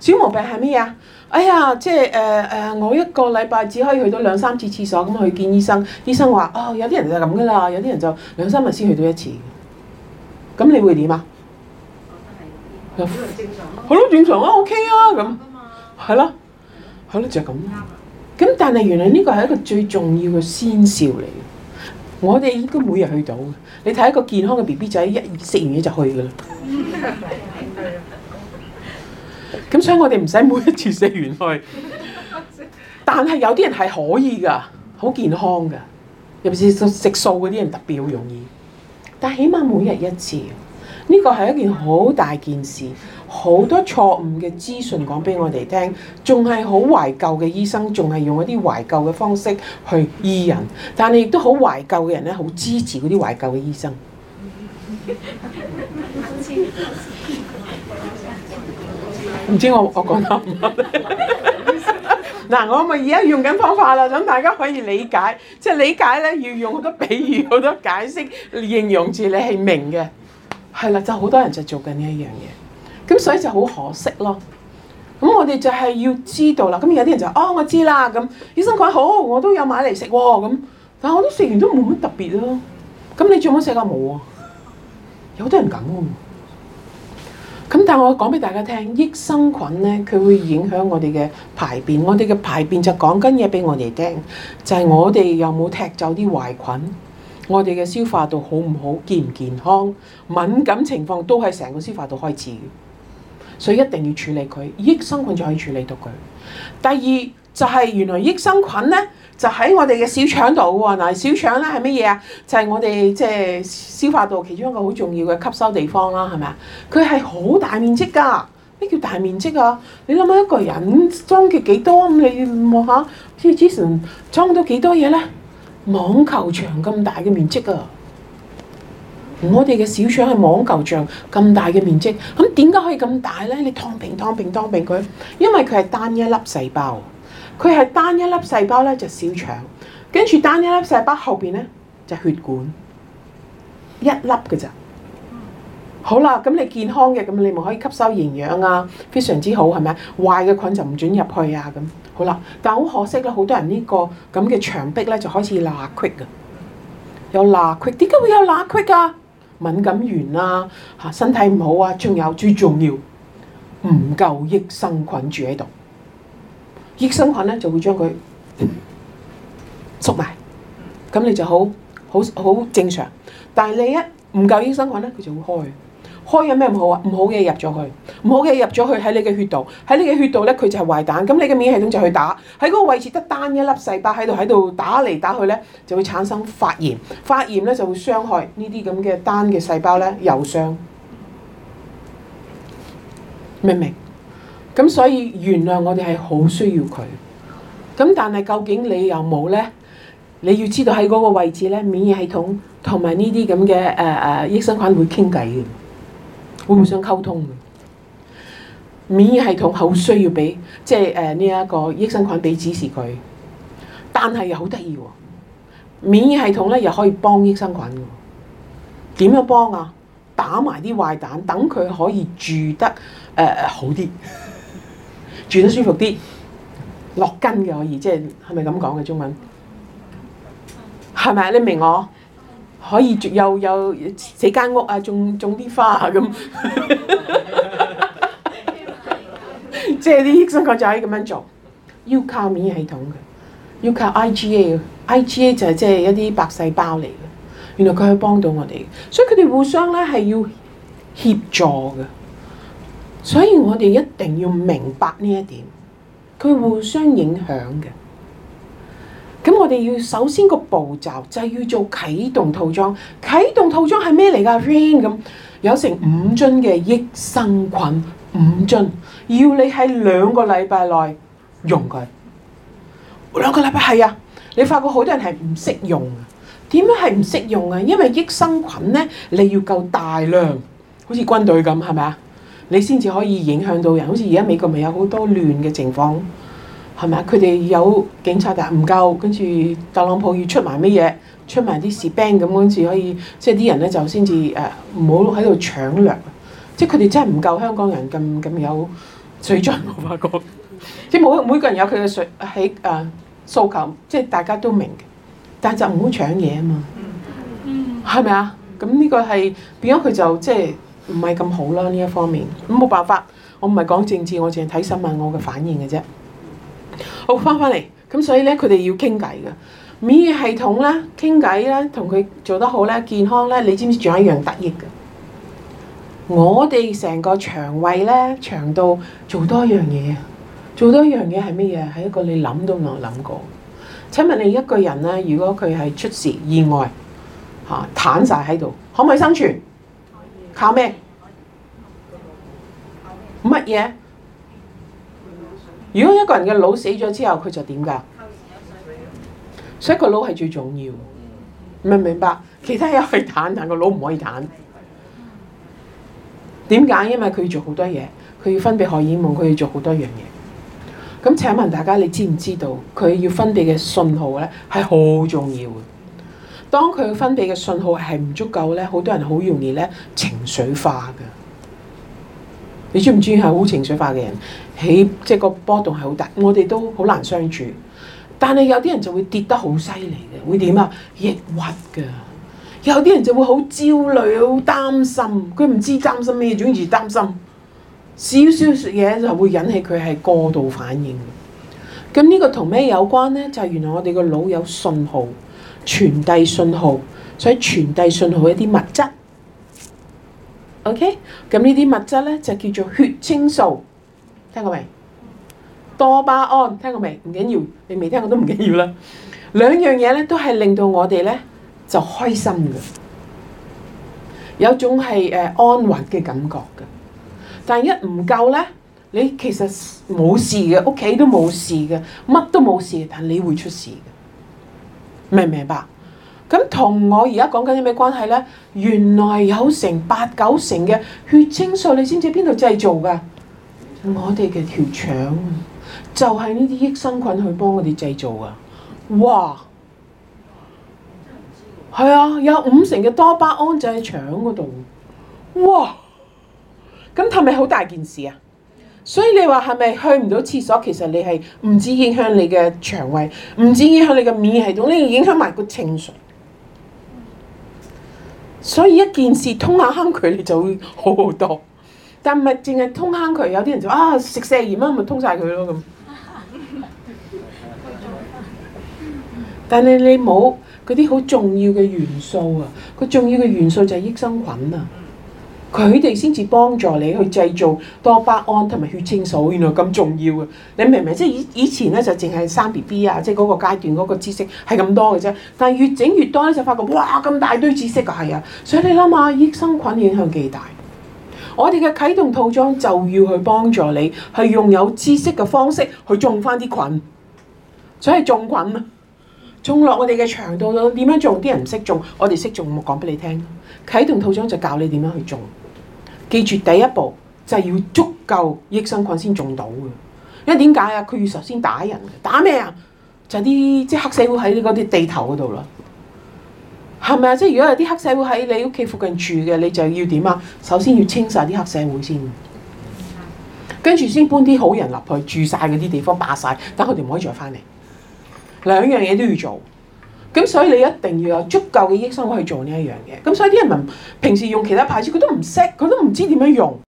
小毛病係咩啊？哎呀，即係誒誒，我一個禮拜只可以去到兩三次廁所，咁去見醫生。醫生話：哦，有啲人就係咁噶啦，有啲人就兩三日先去到一次。咁你會點啊？好咯那，正常咯，OK 啊，咁，係啦。好啦，就係咁。咁但係原來呢個係一個最重要嘅先兆嚟。我哋應該每日去到你睇一個健康嘅 BB 仔，一食完嘢就去噶啦。咁 <laughs> 所以我哋唔使每一次食完去。但係有啲人係可以噶，好健康噶。尤其是食素嗰啲人特別好容易。但起碼每日一次，呢個係一件好大件事。好多錯誤嘅資訊講俾我哋聽，仲係好懷舊嘅醫生，仲係用一啲懷舊嘅方式去醫人，但係亦都好懷舊嘅人咧，好支持嗰啲懷舊嘅醫生。唔 <laughs> 知我我講得唔得？嗱，我咪而家用緊方法啦，咁大家可以理解，即係理解咧要用好多比喻、好多解釋、形容住你係明嘅。係啦，就好多人就做緊呢一樣嘢。咁所以就好可惜咯。咁我哋就係要知道啦。咁有啲人就話：哦，我知啦。咁益生菌好，我都有買嚟食喎。咁但係我都食完都冇乜特別咯。咁你做乜食個冇啊？有啲人咁喎。咁但係我講俾大家聽，益生菌咧，佢會影響我哋嘅排便。我哋嘅排便就講緊嘢俾我哋聽，就係我哋有冇踢走啲壞菌，我哋嘅消化道好唔好，健唔健康，敏感情況都係成個消化道開始。所以一定要處理佢，益生菌就可以處理到佢。第二就係原來益生菌呢，就喺我哋嘅小腸度喎。嗱，小腸咧係乜嘢啊？就係我哋消化道其中一個好重要嘅吸收地方啦，係咪啊？佢係好大面積㗎。咩叫大面積啊？你諗下一個人裝極幾多咁？你望下，之前裝到幾多嘢呢？網球場咁大嘅面積啊。我哋嘅小腸係網球場咁大嘅面積，咁點解可以咁大咧？你燙平燙平燙平佢，因為佢係單一粒細胞，佢係單一粒細胞咧就係小腸，跟住單一粒細胞後邊咧就係血管，一粒嘅咋，好啦，咁你健康嘅，咁你咪可以吸收營養啊，非常之好，係咪啊？壞嘅菌就唔准入去啊，咁好啦。但係好可惜啦，好多人、這個、這樣的呢個咁嘅牆壁咧就開始罅隙嘅，有罅隙，點解會有罅隙噶？敏感源啊，嚇身體唔好啊，仲有最重要，唔夠益生菌住喺度，益生菌咧就會將佢縮埋，咁你就好好好正常。但係你一唔夠益生菌咧，佢就會開。開有咩唔好啊？唔好嘅嘢入咗去，唔好嘅嘢入咗去喺你嘅血度，喺你嘅血度咧佢就係壞蛋，咁你嘅免疫系統就去打喺嗰個位置得單一粒細胞喺度喺度打嚟打去咧就會產生發炎，發炎咧就會傷害呢啲咁嘅單嘅細胞咧，又傷明唔明？咁所以原諒我哋係好需要佢，咁但係究竟你有冇咧？你要知道喺嗰個位置咧，免疫系統同埋呢啲咁嘅誒誒益生菌會傾偈嘅。會互相溝通嘅，免疫系統好需要畀，即係誒呢一個益生菌畀指示佢，但係又好得意喎，免疫系統咧又可以幫益生菌嘅，點樣幫啊？打埋啲壞蛋，等佢可以住得誒、呃、好啲，住得舒服啲，落根嘅可以，即係係咪咁講嘅中文？係咪啊？你明我？可以有有四間屋啊，種種啲花啊咁，即係啲醫生貴仔咁樣做，要靠免疫系統嘅，要靠 I G A 嘅，I G A 就係即係一啲白細胞嚟嘅，原來佢可以幫到我哋，所以佢哋互相咧係要協助嘅，所以我哋一定要明白呢一點，佢互相影響嘅。咁我哋要首先個步驟就係要做啟動套裝。啟動套裝係咩嚟㗎？Ring 咁有成五樽嘅益生菌，五樽要你喺兩個禮拜內用佢。兩個禮拜？係啊，你發覺好多人係唔識用啊。點樣係唔識用啊？因為益生菌咧，你要夠大量，好似軍隊咁，係咪啊？你先至可以影響到人。好似而家美國咪有好多亂嘅情況。係咪啊？佢哋有警察但係唔夠，跟住特朗普要出埋乜嘢，出埋啲士兵 p，咁嗰陣時，咁樣至可以即係啲人咧就先至誒唔好喺度搶掠。即係佢哋真係唔夠香港人咁咁有水準，我發覺 <laughs> 即。即係每每個人有佢嘅水喺誒、呃、訴求，即係大家都明嘅，但係就唔好搶嘢啊嘛。嗯，係咪啊？咁呢個係變咗佢就即係唔係咁好啦？呢一方面咁冇辦法。我唔係講政治，我淨係睇新聞我嘅反應嘅啫。好翻返嚟，咁所以咧佢哋要傾偈嘅免疫系統咧傾偈啦，同佢做得好咧健康咧，你知唔知仲有一樣得益嘅？我哋成個腸胃咧腸道做多樣嘢，做多樣嘢係乜嘢？係一個你諗都冇諗過。請問你一個人咧，如果佢係出事意外，嚇攤晒喺度，可唔可以生存？靠咩？乜嘢？如果一個人嘅腦死咗之後，佢就點㗎？所以個腦係最重要，明唔明白？其他嘢可以彈，但個腦唔可以彈。點解？因為佢要做好多嘢，佢要分泌荷爾蒙，佢要做好多樣嘢。咁請問大家，你知唔知道佢要分泌嘅信號呢係好重要嘅？當佢分泌嘅信號係唔足夠咧，好多人好容易呢情緒化嘅。你知唔知意係好情緒化嘅人？起即係個波動係好大，我哋都好難相處。但係有啲人就會跌得好犀利嘅，會點啊？抑鬱㗎。有啲人就會好焦慮、好擔心，佢唔知擔心咩，總之擔心。少少嘢就會引起佢係過度反應。咁呢個同咩有關咧？就係、係、原來我哋個腦有信號傳遞信號，所以傳遞信號一啲物質。OK，咁呢啲物質咧就叫做血清素，聽過未？多巴胺，聽過未？唔緊要，你未聽過都唔緊要啦。兩樣嘢咧都係令到我哋咧就開心嘅，有種係誒安穩嘅感覺嘅。但係一唔夠咧，你其實冇事嘅，屋企都冇事嘅，乜都冇事，但你會出事嘅，明唔明白？咁同我而家講緊啲咩關係咧？原來有成八九成嘅血清素，你知唔知邊度製造㗎？我哋嘅條腸，就係呢啲益生菌去幫我哋製造㗎。哇！係啊，有五成嘅多巴胺就喺腸嗰度。哇！咁係咪好大件事啊？所以你話係咪去唔到廁所，其實你係唔止影響你嘅腸胃，唔止影響你嘅免疫系統，你影響埋個情緒。所以一件事通下坑渠你就會好好多，但唔係淨係通坑渠，有啲人就啊，食四廿二蚊咪通晒佢咯咁。 <laughs> 但係你冇嗰啲好重要嘅元素啊，個重要嘅元素就係益生菌啊。佢哋先至幫助你去製造多巴胺同埋血清素，原來咁重要嘅。你明唔明？即係以以前咧就淨係生 B B 啊，即係嗰個階段嗰個知識係咁多嘅啫。但係越整越多咧就發覺哇咁大堆知識啊，係啊！所以你諗下益生菌影響幾大？我哋嘅啟動套裝就要去幫助你，係用有知識嘅方式去種翻啲菌，所以種菌啊，種落我哋嘅腸道度點樣種？啲人唔識種，我哋識種，我講俾你聽。啟動套裝就教你點樣去種。記住第一步就係、是、要足夠益生菌先種到嘅，因為點解啊？佢要首先打人，打咩啊？就啲、是、即黑社會喺嗰啲地頭嗰度喇，係咪？即係如果有啲黑社會喺你屋企附近住嘅，你就要點啊？首先要清晒啲黑社會先，跟住先搬啲好人入去住曬嗰啲地方，霸曬，等佢哋唔可以再返嚟。兩樣嘢都要做。咁所以你一定要有足夠嘅益生菌去做呢一樣嘢。咁所以啲人咪平時用其他牌子佢都唔識，佢都唔知點樣用。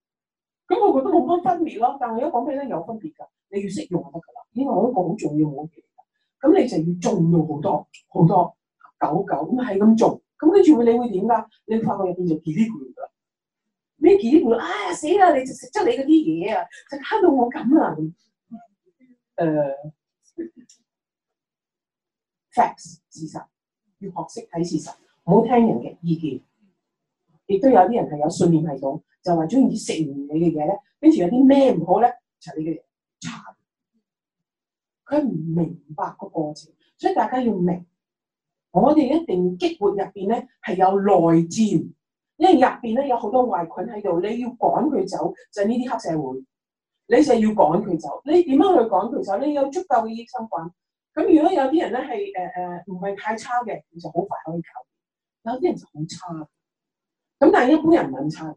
咁我覺得冇乜分別咯，但係如果講畀咧有分別㗎，你要識用就得㗎啦。因為我一個好重要嘅嘢。咁你就要種到好多好多，狗狗。久係咁種，咁跟住會你會點㗎？你化學又變成奇呢罐㗎，咩奇呢罐啊死啦！你食食咗你嗰啲嘢啊，就慳到我咁啦。誒、呃、facts。 <laughs> 事實要學識睇事實，唔好聽人嘅意見。亦都有啲人係有信念系統，就話鍾意啲食完你嘅嘢咧，跟住有啲咩唔好咧？查、就係、你嘅查，佢唔明白個過程，所以大家要明。我哋一定激活入邊咧，係有內戰，因為入邊咧有好多壞菌喺度，你要趕佢走就呢、係、啲黑社會，你就要趕佢走。你點樣去趕佢走？你有足夠嘅益生菌。咁如果有啲人咧係誒誒唔係太差嘅，其實好快可以搞掂；有啲人就好差嘅。咁但係一般人唔係咁差嘅。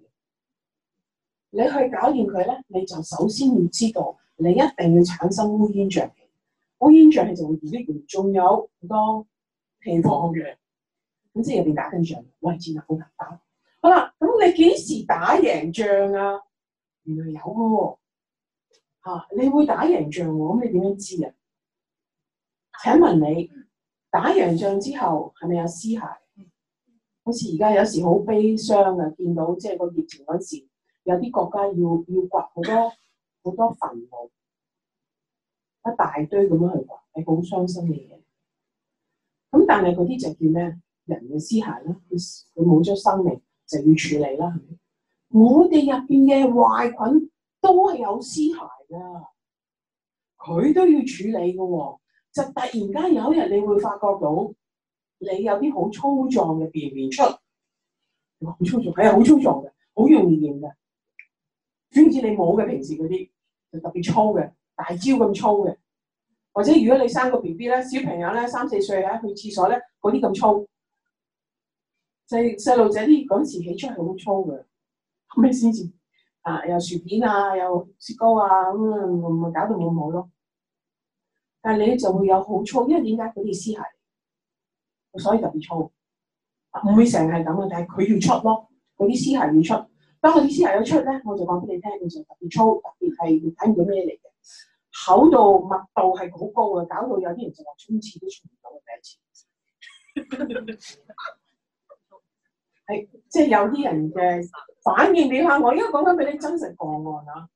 你去搞掂佢咧，你就首先要知道，你一定要產生烏煙瘴氣，烏煙瘴氣就會唔呢邊，仲有好多情況嘅。即係入邊打緊仗，我係戰略好簡單。好啦，咁你幾時打贏仗啊？原來有嘅喎。吓，你會打贏仗，咁你點樣知啊？請問你打贏仗之後係咪有屍骸？好似而家有時好悲傷呀，見到即係個疫情嗰時，有啲國家要要掘好多好多墳墓，一大堆咁樣去掘，係好傷心嘅嘢。咁但係嗰啲就叫咩？人嘅屍骸啦，佢佢冇咗生命就要處理啦，係咪？我哋入邊嘅壞菌都係有屍骸㗎，佢都要處理㗎喎。就突然間有一日，你會發覺到你有啲好粗壯嘅便便出，好粗壯，係啊，好粗壯嘅，好容易認嘅，遠似你冇嘅平時嗰啲，就特別粗嘅，大蕉咁粗嘅。或者如果你生個 B B 咧，小朋友咧三四歲啊，去廁所咧，嗰啲咁粗細細路仔啲嗰時起初係好粗嘅，後尾先至啊，又薯片啊，又雪糕啊，咁啊咪搞到冇冇咯～但係你咧就會有好粗，因為點解佢哋撕鞋，所以特別粗。唔會成日係咁嘅，但係佢要出咯，佢啲撕鞋要出。當啲撕鞋一出咧，我就話俾你聽，佢就特別粗，特別係睇唔到咩嚟嘅，厚度密度係好高嘅，搞到有啲人就話沖廁都沖唔到第一次。係 <laughs> <laughs> 即係有啲人嘅反應，你下我因為講緊俾你真實個案啊！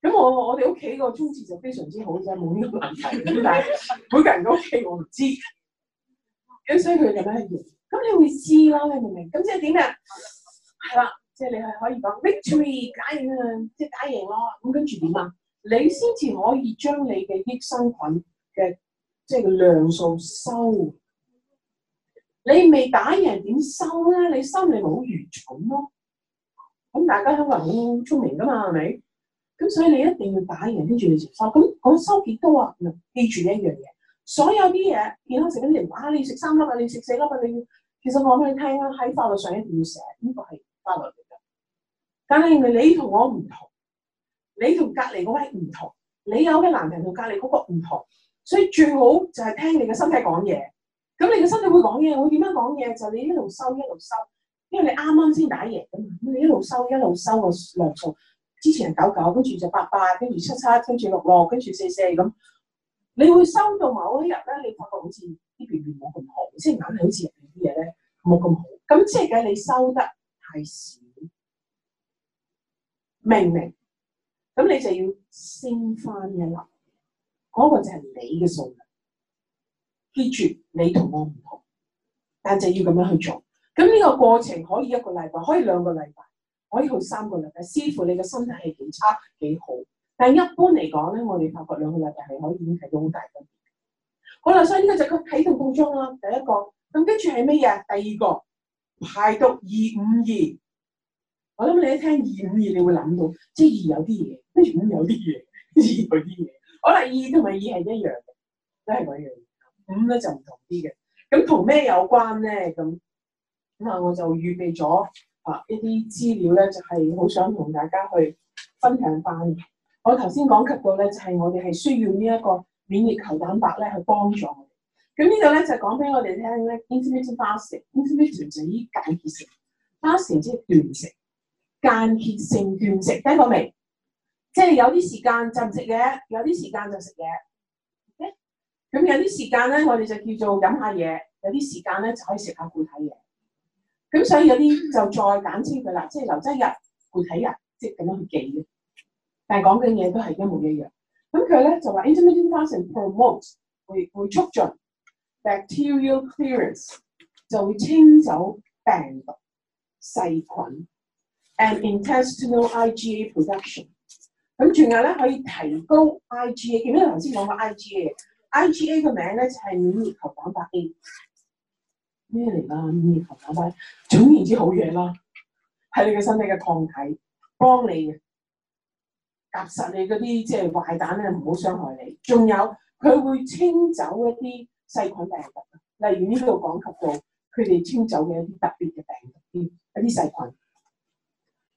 咁我我哋屋企個宗旨就非常之好就係，冇呢個問題。但係每個人個屋企我唔知，咁所以佢就咩贏？咁你會知啦，你明唔明？咁即係點啊？係啦，即係你係可以講 victory 打贏，即係打贏咯。咁跟住點啊？你先至可以將你嘅益生菌嘅即係量數收。你未打贏點收咧？你收你咪好愚蠢咯。咁大家可能好聰明噶嘛？係咪？咁所以你一定要打贏，跟住你收。咁我收幾多啊？記住呢一樣嘢，所有啲嘢健康食品你話你食三粒啊，你食四粒啊，你要，你要你……其實我講你聽啊，喺法律上一定要寫，呢、呢個係法律嚟嘅。但係你同我唔同，你同隔離嗰位唔同，你有嘅男人同隔離嗰個唔同，所以最好就係聽你嘅身體講嘢。咁你嘅身體會講嘢，會點樣講嘢？就是、你一路收一路收，因為你啱啱先打贏㗎嘛。咁你一路收一路收個量數。之前九九，跟住就八八，跟住七七，跟住六六，跟住四四咁，你會收到某一日咧，你發覺好似呢邊邊冇咁好，即係眼好似入邊啲嘢咧，冇咁好。咁即係計你收得太少，明明，咁你就要升翻一粒，嗰、嗰個就係你嘅數。記住，你同我唔同，但就要咁樣去做。咁呢個過程可以一個禮拜，可以兩個禮拜。可以去三個禮拜嘅，視乎你嘅身體係幾差幾好，但係一般嚟講咧，我哋發覺兩個禮拜就係可以已經睇到好大分別。好啦，所以呢個就個啟動工裝啦，第一個。咁跟住係咩嘢？第二個排毒二五二。我諗你一聽二五二，你會諗到即係二有啲嘢，跟住五有啲嘢，二有啲嘢。好啦，二同埋二係一樣嘅，都係嗰樣嘅。五咧就唔同啲嘅。咁同咩有關咧？咁咁啊，我就預備咗。一啲、啊、資料咧，就係、是、好想同大家去分享翻。我頭先講及到咧，就係我哋係需要呢一個免疫球蛋白咧去幫助的。這就是、我哋。咁呢度咧就講俾我哋聽咧，intermittent fasting intermittent 斷食、間歇性 fasting 即係斷食、間歇性斷食，聽過未？即、就、係、是、有啲時間就唔食嘢，有啲時間就食嘢。咁、okay? 有啲時間咧，我哋就叫做飲下嘢；有啲時間咧，就可以食下固體嘢。咁所以有啲就再簡稱佢啦，即係留真日、活體日，即係咁樣去記嘅。但係講嘅嘢都係一模一樣。咁佢咧就話 intermittent fasting promote 會會促進 bacterial clearance 就會清走病毒細菌，and intestinal IGA production。咁仲有咧可以提高 IGA。記唔記得頭先講過 IGA？IGA 嘅名咧就係、係、免疫球蛋白 A。咩嚟啦？免疫球蛋白，總而言之好嘢啦，係你嘅身體嘅抗體，幫你嘅，夾實你嗰啲即係壞蛋咧，唔好傷害你。仲有佢會清走一啲細菌病毒，例如呢度講及到佢哋清走嘅一啲特別嘅病毒，一啲細菌。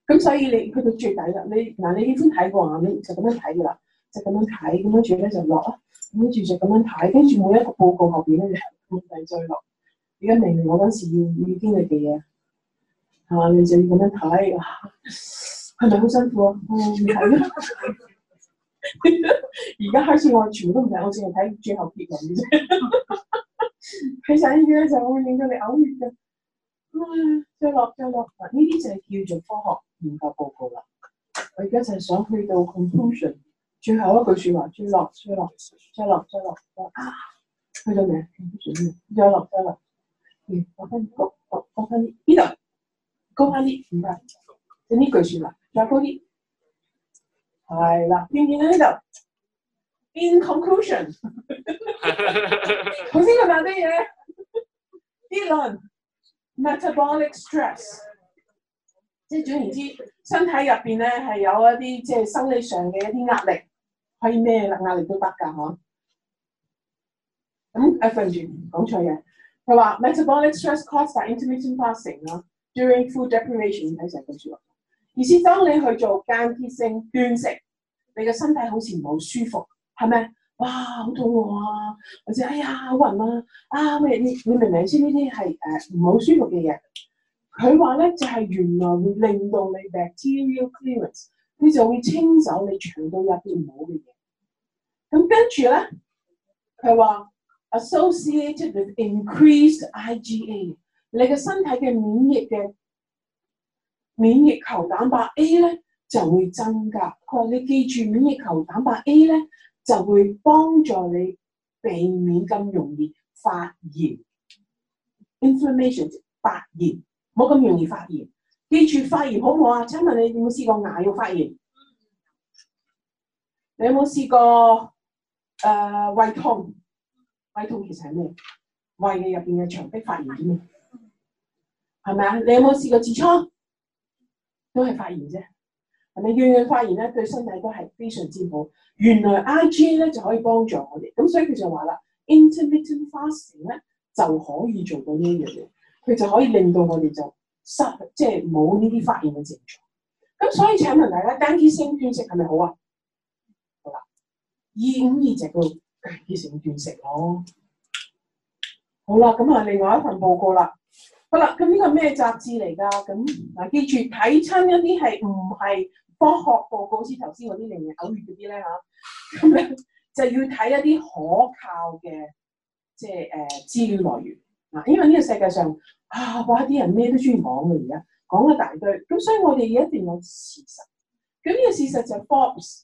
咁所以你去到最底啦，你嗱你已經睇過嘅話，你就咁樣睇噶啦，就咁樣睇，咁樣住咧就落啦，跟住就咁樣睇，跟住每一個報告後邊咧就再再落。而家明明我嗰時要要經歷嘅嘢，係、啊、嘛？你就要咁樣睇，係咪好辛苦啊？唔睇咯，而家 <laughs> 開始我全部都唔睇，我淨係睇最後結論嘅啫。睇晒呢啲咧就會令到你嘔血噶。嗯、啊，再落再落，呢啲、啊、就係叫做科學研究報告啦。我而家就係想去到 conclusion，最後一句說話，再落再落再落再落，啊，去到未？睇唔準嘅，再落再落。高翻啲，高高翻啲呢度，高翻啲唔該，就呢句算啦。再高啲係啦，見唔見到呢度？In conclusion，頭先有冇啲嘢？呢輪 metabolic stress，即係總言之，身體入邊咧係有一啲即係生理上嘅一啲壓力，可以咩壓力都得噶嗬。咁誒對唔住，講錯嘢。佢話 metabolic stress caused by intermittent fasting 啦，during food deprivation 睇成本書話。意思當你去做間歇性斷食，你嘅身體好似唔好舒服，係咪？哇，好肚餓啊！或者哎呀，好暈啊！啊咩？你你明唔明先？呢啲係誒唔好舒服嘅嘢。佢話咧就係、是、原來會令到你 bacterial clearance，你就會清走你腸道入邊唔好嘅嘢。咁跟住咧，佢話。Associated with increased IgA，你嘅身體嘅免疫嘅免疫球蛋白 A 咧就會增加。佢話你記住免疫球蛋白 A 咧就會幫助你避免咁容易發炎。Inflammation 發炎，冇咁容易發炎。記住發炎好唔好啊？請問你，你有冇試過牙肉發炎？你有冇試過誒、呃、胃痛？胃痛其實係咩？胃嘅入邊嘅牆壁發炎嘅，係咪啊？你有冇試過痔瘡？都係發炎啫，係咪？樣樣發炎咧，對身體都係非常之好。原來 I G 咧就可以幫助我哋，咁所以佢就話啦 intermittent fasting 咧就可以做到呢樣嘢，佢就可以令到我哋就失，即係冇呢啲發炎嘅症狀。咁所以請問大家，單只升鑽石係咪好啊？好啦，二五二成半。結成斷食咯，好啦，咁啊，另外一份報告啦，好啦，咁呢個咩雜誌嚟噶？咁嗱，記住睇親一啲係唔係科學報告，好似頭先嗰啲零零偶遇嗰啲咧吓，咁咧就要睇一啲可靠嘅即係誒資料來源啊，因為呢個世界上啊，哇，啲人咩都鍾意講嘅而家，講一大堆，咁所以我哋一定要有事實。咁呢個事實就 Fox。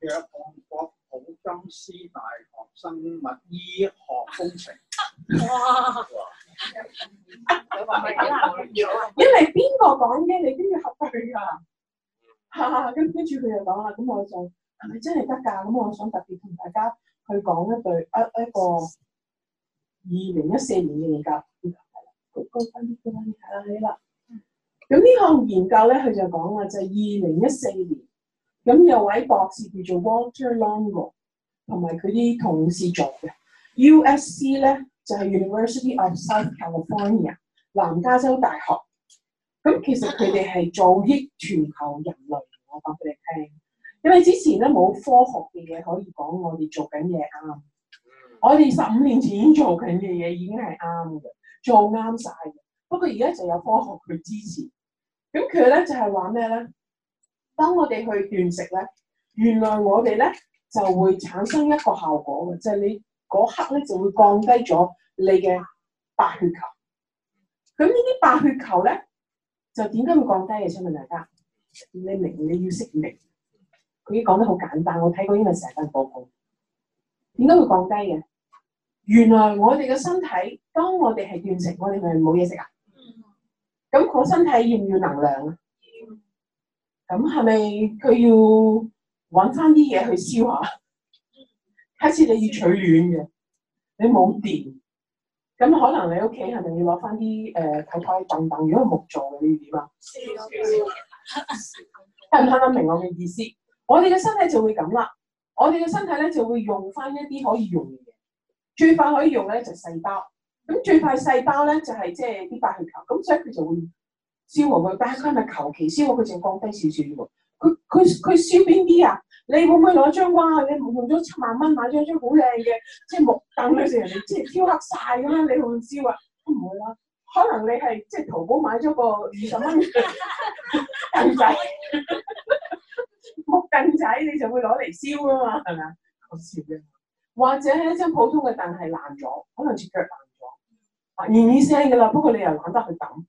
約翰霍普金斯大學生物醫學工程。哇！因為邊個講嘅，你都要核對噶。哈哈、啊，咁跟住佢就講啦。咁我就，係咪真係得噶？咁我想特別同大家去講一句，一一個二零一四年嘅研究。係啦，佢佢翻啲資料你睇下啦，咁呢項研究咧，佢就講啦，就係二零一四年。咁有位博士叫做 Walter Longo，同埋佢啲同事做嘅。U.S.C. 咧就係、是、University of Southern California，南加州大學。咁其實，佢哋係做益全球人類。我講俾你聽，因為之前咧冇科學嘅嘢可以講，我哋做緊嘢啱。我哋十五年前已經做緊嘅嘢已經係啱嘅，做啱晒嘅。不過而家就有科學去支持。咁佢咧就係話咩咧？當我哋去斷食咧，原來我哋咧就會產生一個效果嘅，就係你嗰刻咧就會降低咗你嘅白血球。咁呢啲白血球咧，就點解會降低嘅？請問大家，你明？你要識明。佢已經講得好簡單，我睇過呢個成份報告，點解會降低嘅？原來我哋嘅身體，當我哋係斷食，我哋係冇嘢食啊。咁個身體要唔要能量啊？咁係咪佢要搵翻啲嘢，去燒下？開始你要取暖嘅，你冇電，咁可能你屋企係咪要攞翻啲，誒，睇睇凳凳？如果木造嘅呢？點啊？睇唔睇得明我嘅意思？我哋嘅身體就會咁啦，我哋嘅身體咧就會用翻一啲可以用嘅嘢。最快可以用咧就細胞，咁最快細胞咧就係即係啲白血球，咁所以佢就會。燒佢，但係佢咪求其燒佢，淨降低少少。佢佢佢燒邊啲啊？你會唔會攞張哇？你唔換咗七萬蚊買張張好靚嘅即係木凳嗰時，人哋即係挑黑晒咁樣，你會唔會燒啊？唔會啊！可能你係即係淘寶買咗個二十蚊嘅凳仔， <laughs> <laughs> 木凳仔你就會攞嚟燒啊嘛，係咪？好笑啫。或者一張普通嘅凳係爛咗，可能隻腳爛咗，啊，二二聲噶啦。不過你又懶得去抌。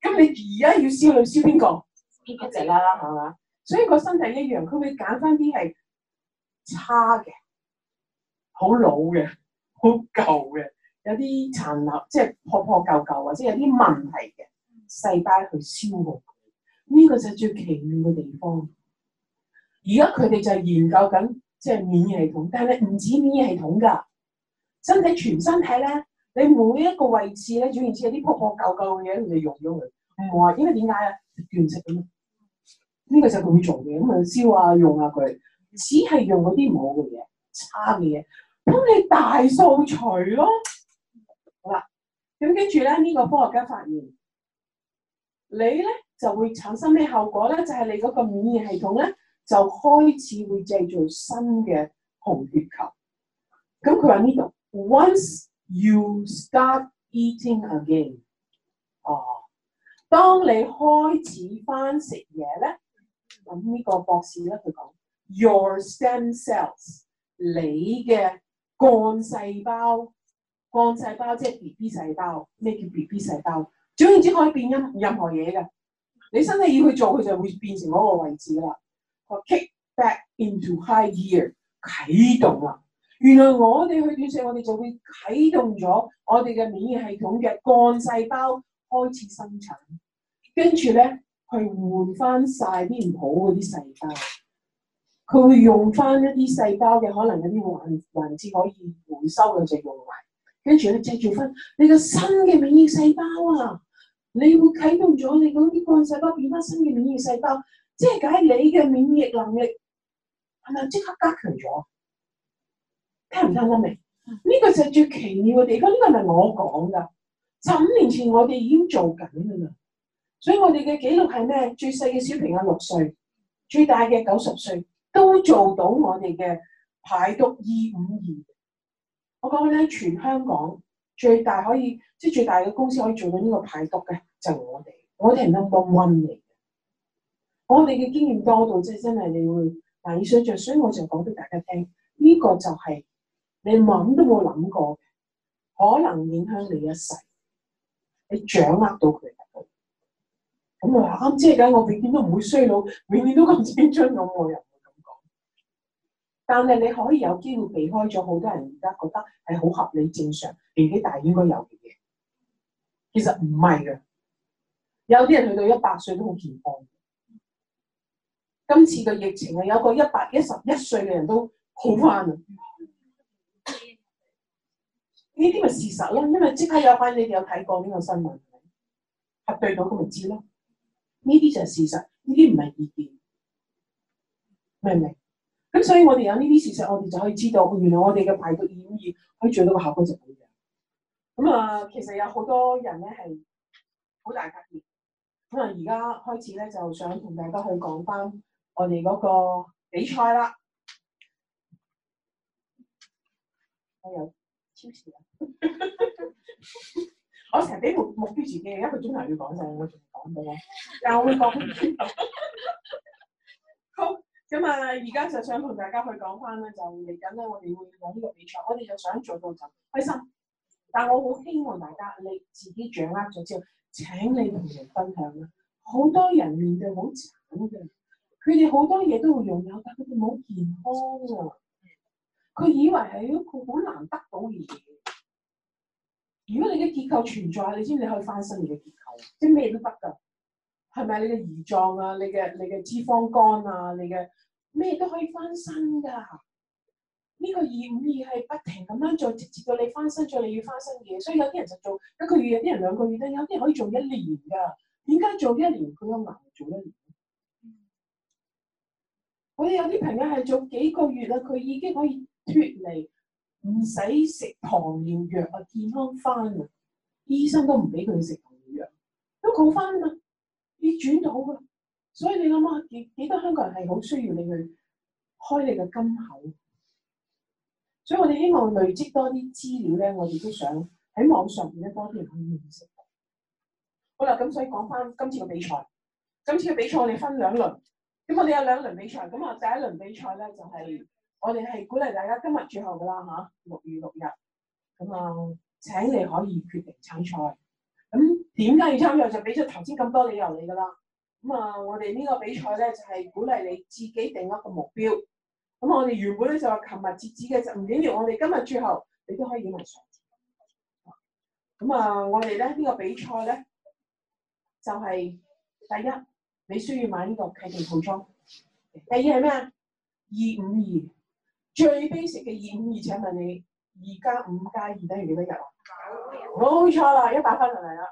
咁你而家要燒你燒邊個？一直啦啦，係嘛？所以個身體一樣，佢會揀翻啲係差嘅、好老嘅、好舊嘅，有啲殘留，即係破破舊舊或者有啲問題嘅細胞去燒佢。呢個就係最奇妙嘅地方。而家佢哋就係研究緊，即係免疫系統，但係唔止免疫系統噶，身體全身體咧。你每一個位置咧，總而言之有啲破破舊舊嘅嘢，你用咗佢。唔話，因為點解啊？斷食咁啊，呢個就佢會做嘅。咁啊燒啊用下佢，只係用嗰啲唔好嘅嘢、差嘅嘢，咁你大掃除咯。好啦，咁跟住咧，呢個科學家發現，你咧就會產生咩後果咧？就係你嗰個免疫系統咧就開始會製造新嘅紅血球。咁佢話呢度，once。You start eating again。哦，當你開始翻食嘢咧，咁呢個博士咧佢講，Your stem cells，你嘅幹細胞，幹細胞即係 B B 細胞。咩叫 B B 細胞？總言之，可以變任任何嘢嘅。你身體要去做，佢就會變成嗰個位置啦。佢 kick back into high gear，啟動啦。原來我哋去斷食，我哋就會啟動咗我哋嘅免疫系統嘅幹細胞開始生產，跟住咧去換翻晒啲唔好嗰啲細胞，佢會用翻一啲細胞嘅可能有啲環環節可以回收嘅作用位，跟住咧借住翻你個新嘅免疫細胞啊，你會啟動咗你嗰啲幹細胞變翻新嘅免疫細胞，即係解你嘅免疫能力係咪即刻加強咗？聽唔聽得明？呢、這個就係最奇妙嘅地方，呢、這個唔係我講噶，十五年前我哋已經做緊噶啦。所以我哋嘅紀錄係咩？最細嘅小朋友六歲，最大嘅九十歲都做到我哋嘅排毒二五二。我講咧，全香港最大可以即係最大嘅公司可以做到呢個排毒嘅就我哋，我哋係 number one 嚟嘅。我哋嘅經驗多到即係、就是、真係你會難以想象，所以我就講俾大家聽，呢、這個就係、是。你諗都冇諗過，可能影響你一世。你掌握到佢唔到，咁我話啱啫，我永遠都唔會衰老，永遠都咁青春咁，我又唔會咁講。但係你可以有機會避開咗好多人而家覺得係好合理正常年紀大應該有嘅嘢，其實唔係嘅。有啲人去到一百歲都好健康。今次嘅疫情係有個一百一十一歲嘅人都好翻啊！呢啲咪事實咯，因為即刻有返，你哋有睇過呢個新聞係咪？核對到咁咪知咯。呢啲就係事實，呢啲唔係意見，明唔明？咁所以我哋有呢啲事實，我哋就可以知道，原來我哋嘅排毒演義可以做到一個效果就係咁。咁啊、呃，其實有好多人咧係好大隔熱，可能而家開始咧就想同大家去講翻我哋嗰個比賽啦。哎呦 <laughs> <laughs> 我成日俾目目於自己，一個鐘頭要講晒。我仲講到啊！但係我會講唔完。 <laughs> 好咁啊！而家就想同大家去講翻咧，就嚟緊咧，我哋會講呢個比賽，我哋就想做到就開心。但我好希望大家你自己掌握咗之後，請你同人分享啦。好多人面對好慘嘅，佢哋好多嘢都會擁有，但佢哋冇健康啊。佢以為係一個好難得到嘢。如果你嘅結構存在，你知唔知你可以翻新嘅結構？即係咩都得噶，係咪？你嘅胰臟啊，你嘅你嘅脂肪肝啊，你嘅咩都可以翻新噶。呢、這個二五二係不停咁樣再直接到你翻身再你要翻新嘢。所以有啲人就做一個月，有啲人兩個月啦，有啲可以做一年噶。點解做一年佢有能力做一年？一年嗯、我哋有啲朋友係做幾個月啦，佢已經可以。脫離唔使食糖尿藥啊，健康翻啊！醫生都唔俾佢食糖尿藥，都好翻嘛？你轉到噶，所以你諗下幾幾多香港人係好需要你去開你嘅金口。所以我哋希望累積多啲資料咧，我哋都想喺網上面咧多啲去認識。好啦，咁所以講翻今次嘅比賽。今次嘅比賽我哋分兩輪。咁我哋有兩輪比賽。咁啊，第一輪比賽咧就係、是。我哋係鼓勵大家今日最後噶啦吓，六月六日咁啊，請你可以決定參賽。咁點解要參賽？就俾咗頭先咁多理由你噶啦。咁啊，我哋呢個比賽咧就係鼓勵你自己定一個目標。咁我哋原本咧就係琴日截止嘅，就唔緊要，我哋今日最後，你都可以入場。咁啊，我哋咧呢個比賽咧就係第一，你需要買呢個啟動套裝。第二係咩啊？二五二。最 basic 嘅二五二，請問你二加五加二等於幾多日？啊？冇錯啦，一百分就嚟啦。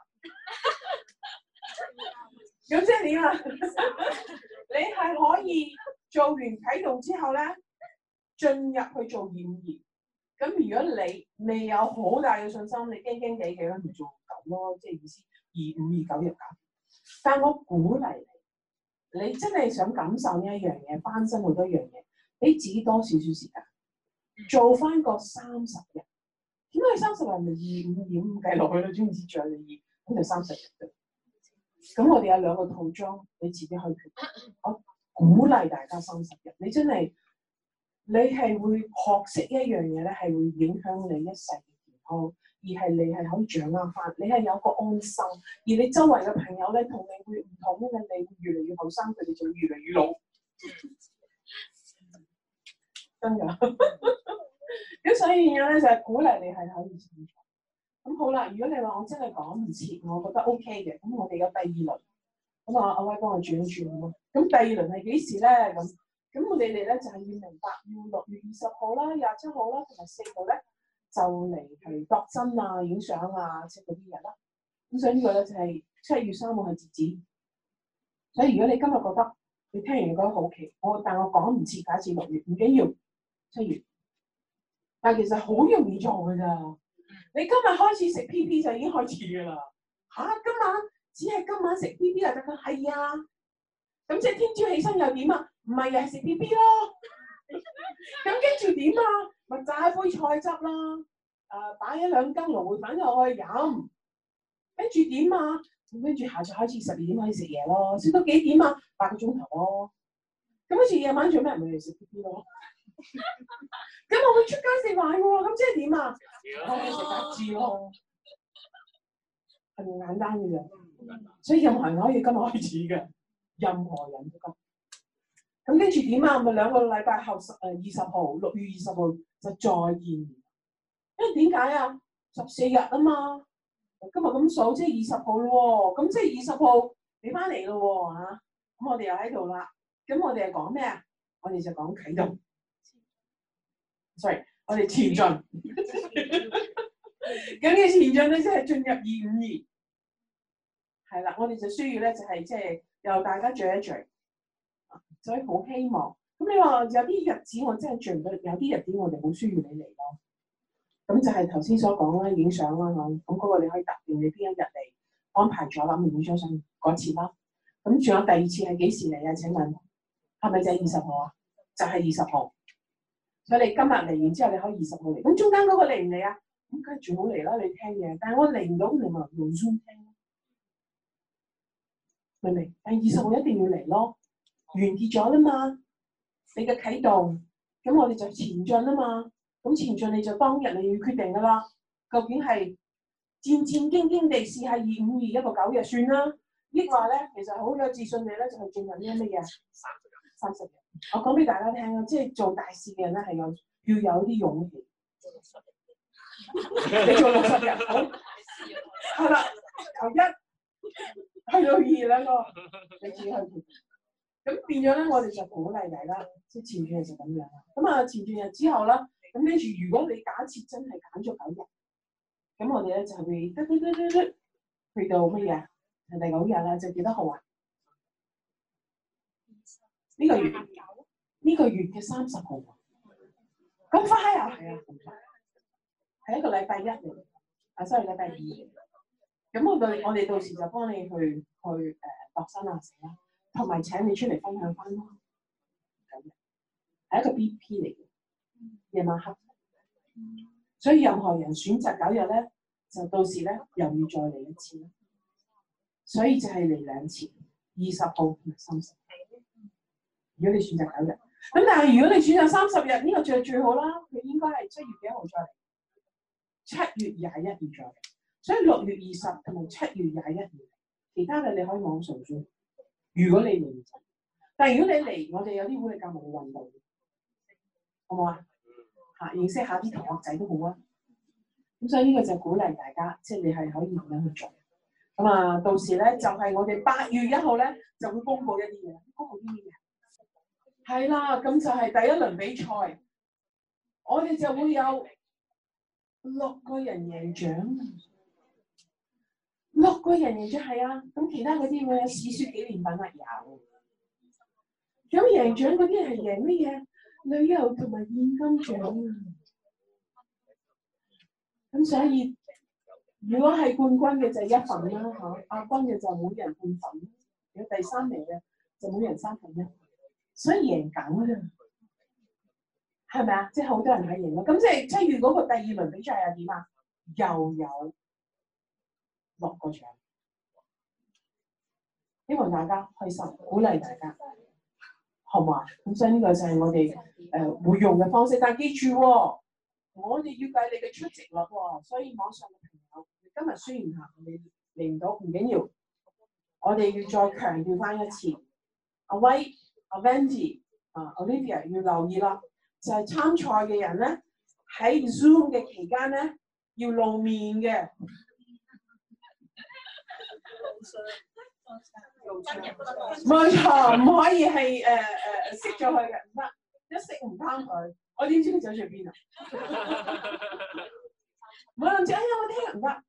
咁即係點啊？ <laughs> 你係可以做完啟動之後咧，進入去做二五二。咁如果你未有好大嘅信心，你驚驚地地跟唔做九咯，即係意思二五二九入九。但係我鼓勵你，你真係想感受呢一樣嘢，翻身好多一樣嘢。俾自己多少少時間，做翻個三十日。點解三十日咪二五點五計落去知唔知？專治漲二，咁就三十日。咁我哋有兩個套裝，你自己去決。我鼓勵大家三十日。你真係你係會學識一樣嘢咧，係會影響你一世嘅健康，而係你係可以掌握翻，你係有一個安心。而你周圍嘅朋友咧，同你會唔同咧，你會越嚟越後生，佢哋就會越嚟越老。真噶，咁 <laughs> 所以咧就係、是、鼓勵你係可以咁好啦。如果你話我真係講唔切，我覺得 OK 嘅。咁我哋有第二輪，咁啊阿威幫我轉一轉，咁第二輪係幾時咧？咁咁我哋咧就係要明白，要六月二十號啦、廿七號啦同埋四號咧，就嚟係度真啊、影相啊、識嗰啲人啦。咁所以個呢個咧就係、是、七月三號係截止。所以如果你今日覺得你聽完覺得好奇，我但我講唔切，假設六月唔緊要。七月，但係其實好容易做噶咋。你今日開始食 P P 就已經開始噶啦。吓、啊，今晚只係今晚食 P P 就得噶。係啊，咁即係天朝起身又點啊？唔係又係食 P P 咯。咁跟住點啊？咪榨一杯菜汁啦。誒、呃，擺一兩羹蘆薈粉落去飲。跟住點啊？跟住下晝開始十二點開始食嘢咯。食到幾點啊？八個鐘頭咯。咁好似夜晚做咩咪嚟食 P P 咯？咁 <laughs> 我會出街食飯喎，咁即係點啊？食白字咯，係唔簡單嘅啫， <laughs> 所以任何人可以今日開始嘅，任何人都得。咁跟住點啊？咪兩個禮拜後十誒二十號，六月二十號就再見。因為點解啊？十四日啊嘛，今日咁數即係二十號咯，咁即係二十號你翻嚟咯，吓咁我哋又喺度啦。咁我哋係講咩啊？我哋就講啟動。Sorry，我哋前進，咁嘅前進咧即係進入二五年。係啦，我哋就需要咧就係即係又大家聚一聚，所以好希望。咁你話有啲日子我真係聚唔到，有啲日子我哋好需要你嚟咯。咁就係頭先所講啦，影相啦咁嗰個你可以特別你邊一日嚟安排咗啦，影張相嗰次啦。咁仲有第二次係幾時嚟啊？請問，係咪就係二十號啊？就係二十號。所以你今日嚟完之後，你可以二十號嚟。咁中間嗰個嚟唔嚟啊？咁梗係最好嚟啦、啊，你聽嘢。但係我嚟唔到，你咪用 Zoom 聽，明唔明？但係二十號一定要嚟咯、啊，完結咗啦嘛。你嘅啟動，咁我哋就前進啦嘛。咁前進你就當日你要決定噶啦，究竟係戰戰兢兢地試下二五二一個九日算啦，抑或咧其實好有自信你咧就係進入啲乜嘢？三十日。三十日。我講俾大家聽啊，即係做大事嘅人咧係有要有啲勇氣。 <laughs> 你做六十日，好係啦，由一去到二兩個，你自己去決定。咁 <laughs> 變咗咧，我哋就鼓勵大家。即係前段日就咁樣啦，咁啊前段日之後啦，咁跟住如果你假設真係揀咗九日，咁我哋咧就係會去到乜嘢？第九日啦，就幾多號啊？呢 <laughs> 個月。呢個月嘅三十號，咁快啊，係啊，係一個禮拜一嚟，啊，即係禮拜二嚟。咁我哋我哋到時就幫你去去誒度身啊，寫、呃、啦，同埋請你出嚟分享翻咯，係一個 B P 嚟嘅，夜晚黑。所以任何人選擇九日咧，就到時咧又要再嚟一次啦。所以就係嚟兩次，二十號同埋三十號。如果你選擇九日。咁但係如果你選擇三十日呢個就最,最好啦，佢應該係七月幾號再嚟，七月廿一再嚟。所以六月二十同埋七月廿一，其他嘅你可以網上做。如果你嚟，但係如果你嚟，我哋有啲會教嘅運動，好唔好啊？吓，認識下啲同學仔都好啊。咁所以呢個就鼓勵大家，即係你係可以咁樣去做。咁啊，到時咧就係、是、我哋八月一號咧就會公布一啲嘢，公布啲嘢。係啦，咁就係第一輪比賽，我哋就會有六個人贏獎，六個人贏獎係啊，咁其他嗰啲咪有史書紀念品啊有，咁贏獎嗰啲係贏乜嘢？旅遊同埋現金獎，咁所以如果係冠軍嘅就一份啦，吓亞軍嘅就每人半份，如果第三名嘅就每人三份啦。所以贏緊啊，係咪啊？即係好多人喺贏咯。咁即係七月嗰個第二輪比賽又點啊？又有落個獎，希望大家開心，鼓勵大家，好唔好？咁所以呢個就係我哋誒會用嘅方式。但係記住、哦，我哋要計你嘅出席率喎、哦。所以網上嘅朋友，今日雖然行嚟嚟唔到，唔緊要，我哋要再強調翻一次，阿、啊、威。Right? 阿 Vendi，啊 Olivia 要留意啦，就係參賽嘅人咧喺 Zoom 嘅期間咧要露面嘅。冇錯，唔可以係誒誒熄咗佢嘅，唔得，一熄唔參佢。我點知佢走住邊啊？唔好諗住，哎呀我聽唔得。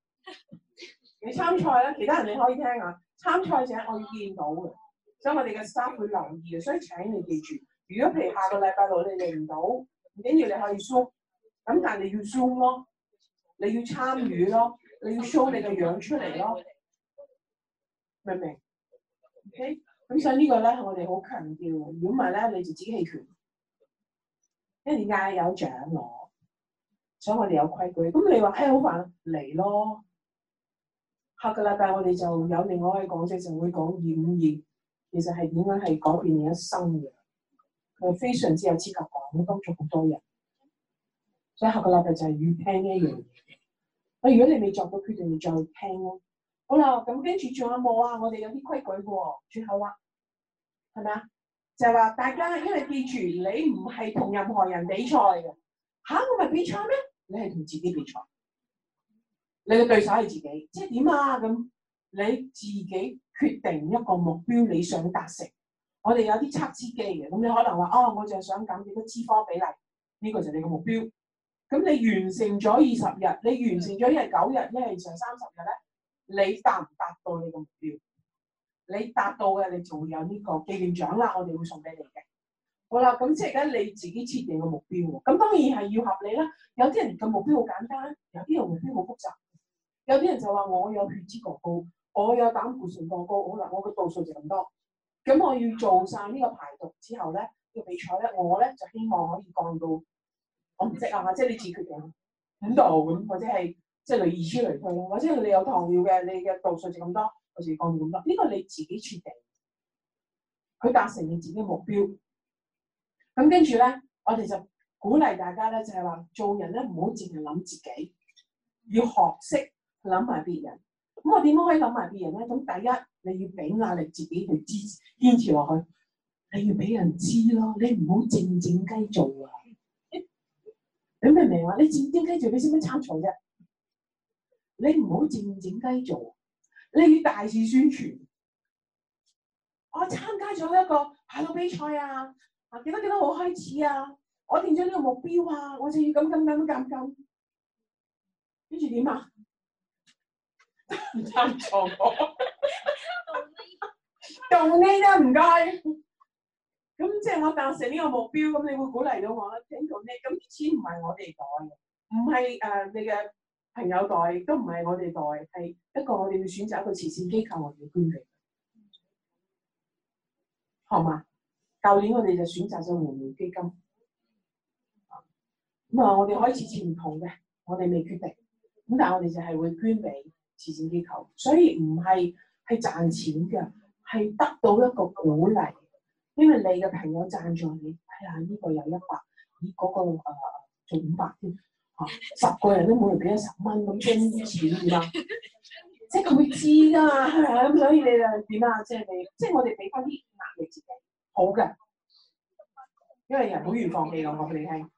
<laughs> 你參賽啦，其他人你可以聽啊。參賽者我要見到嘅。所以我哋嘅衫會留意嘅，所以請你記住，如果譬如下個禮拜六你嚟唔到，唔緊要你可以 show 咁但係你要 show 咯，你要參與咯，你要 show 你嘅樣出嚟咯，明唔明？OK，咁所以個呢個咧我哋好強調，如果唔係咧你就自己棄權，因為點解有獎攞，所以我哋有規矩。咁你話嘿好煩嚟咯，下個禮拜我哋就有另外一個講者就會講二五二。其實係點樣係改變你一生嘅，佢非常之有資格講，幫助好多人。所以下個禮拜就係預聽呢樣嘢。我如果你未作到決定，你再聽咯。好啦，咁跟住仲有冇啊？我哋有啲規矩嘅、啊、喎，最後啦，係咪啊？是就係話大家因為記住，你唔係同任何人比賽嘅。吓、啊，我咪比賽咩？你係同自己比賽，你嘅對手係自己，即係點啊咁？你自己決定一個目標，你想達成。我哋有啲測脂機嘅，咁你可能話哦，我就係想減幾多脂肪比例，呢、這個就係你嘅目標。咁你完成咗二十日，你完成咗一日九日，一係上三十日咧，你達唔達到你嘅目標？你達到嘅，你就會有呢個紀念獎啦，我哋會送俾你嘅。好啦，咁即係而家你自己設定嘅目標喎，咁當然係要合理啦。有啲人嘅目標好簡單，有啲人的目標好複雜，有啲人就話我有血脂過高，高。我有膽固醇過高，好啦，我嘅度數就咁多，咁我要做晒呢個排毒之後咧，呢個比賽咧，我咧就希望可以降到，我唔識啊，或者你自己決定點度咁，或者係即係你二 c 嚟㗋，或者你有糖尿嘅，你嘅度數就咁多，我哋降咁多。呢個你自己設定，佢達成你自己嘅目標。咁跟住咧，我哋就鼓勵大家咧，就係話做人咧唔好淨係諗自己，要學識諗埋別人。咁我點樣可以諗埋別人咧？咁第一，你要俾壓力自己去支持，堅持落去，你要俾人知咯。你唔好靜靜雞做啊！你明唔明啊？你靜靜雞做，你使咩參賽啫？你唔好靜靜雞做，你要大肆宣傳。我參加咗一個派到比賽啊！啊，幾多幾多號開始啊！我定咗呢個目標啊！我就要咁咁咁咁咁。跟住點啊？唔贊助我，動力，動力都唔該。咁即係我達成呢個目標，咁你會鼓勵到我啦。聽到咩？咁錢唔係我哋袋嘅，唔係誒你嘅朋友袋，亦都唔係我哋袋，係一個我哋會選擇一個慈善機構，我哋要捐俾，好嘛？舊年我哋就選擇咗紅棉基金。咁啊，我哋可以慈善唔同嘅，我哋未決定。咁但係我哋就係會捐俾。慈善機構，所以唔係係賺錢嘅，係得到一個鼓勵，因為你嘅朋友贊助你，係啊呢個有一百、那個，咦嗰個做五百添，嚇十、啊、個人都每人俾咗十蚊咁，因此啦，即係佢會知㗎嘛，係啊？咁所以你點啊？即係、就是、你，即、就、係、是、我哋俾翻啲壓力自己，好嘅，因為人好易放棄嘅，我哋係。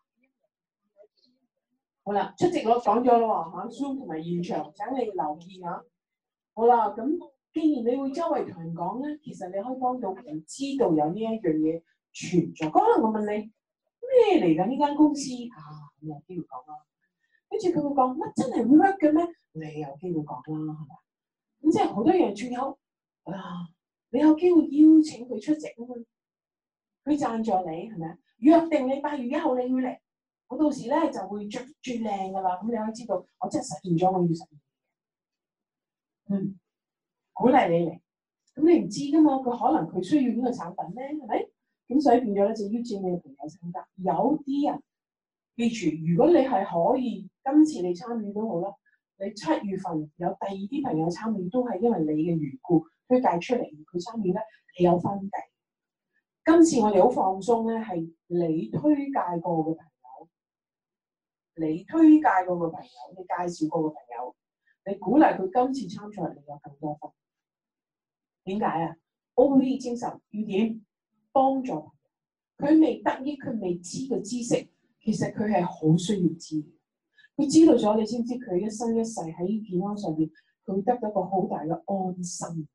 好啦，出席我講咗啦喎，吓、啊、Zoom 同埋現場，請你留意下。好啦，咁既然你會周圍同人講咧，其實你可以幫到人知道有呢一樣嘢存在。可能我問你咩嚟緊呢間公司啊，你有機會講啦。跟住佢會講乜真係 work 嘅咩？你有機會講啦，係咪？咁即係好多人串口。啊，你有機會邀請佢出席，啊嘛？佢贊助你係咪啊？約定你八月一號你要嚟。我到時咧就會着最靚噶啦，咁你可以知道我真係實現咗我要實現嘅嘢。嗯，鼓勵你嚟。咁你唔知噶嘛？佢可能佢需要邊個產品咧？係咪？咁所以變咗咧，就要請你嘅朋友參加。有啲人記住，如果你係可以今次你參與都好啦，你七月份有第二啲朋友參與都係因為你嘅緣故，推介出嚟，佢參與咧，你有分地。今次我哋好放鬆咧，係你推介過嘅。你推介嗰個朋友，你介紹嗰個朋友，你鼓勵佢今次參賽，你有更多福。點解啊？我可以精神，要點幫助佢未得益，佢未知嘅知，知識，其實佢係好需要知。佢知道咗，你先知佢一生一世喺健康上邊，佢得咗一個好大嘅安心。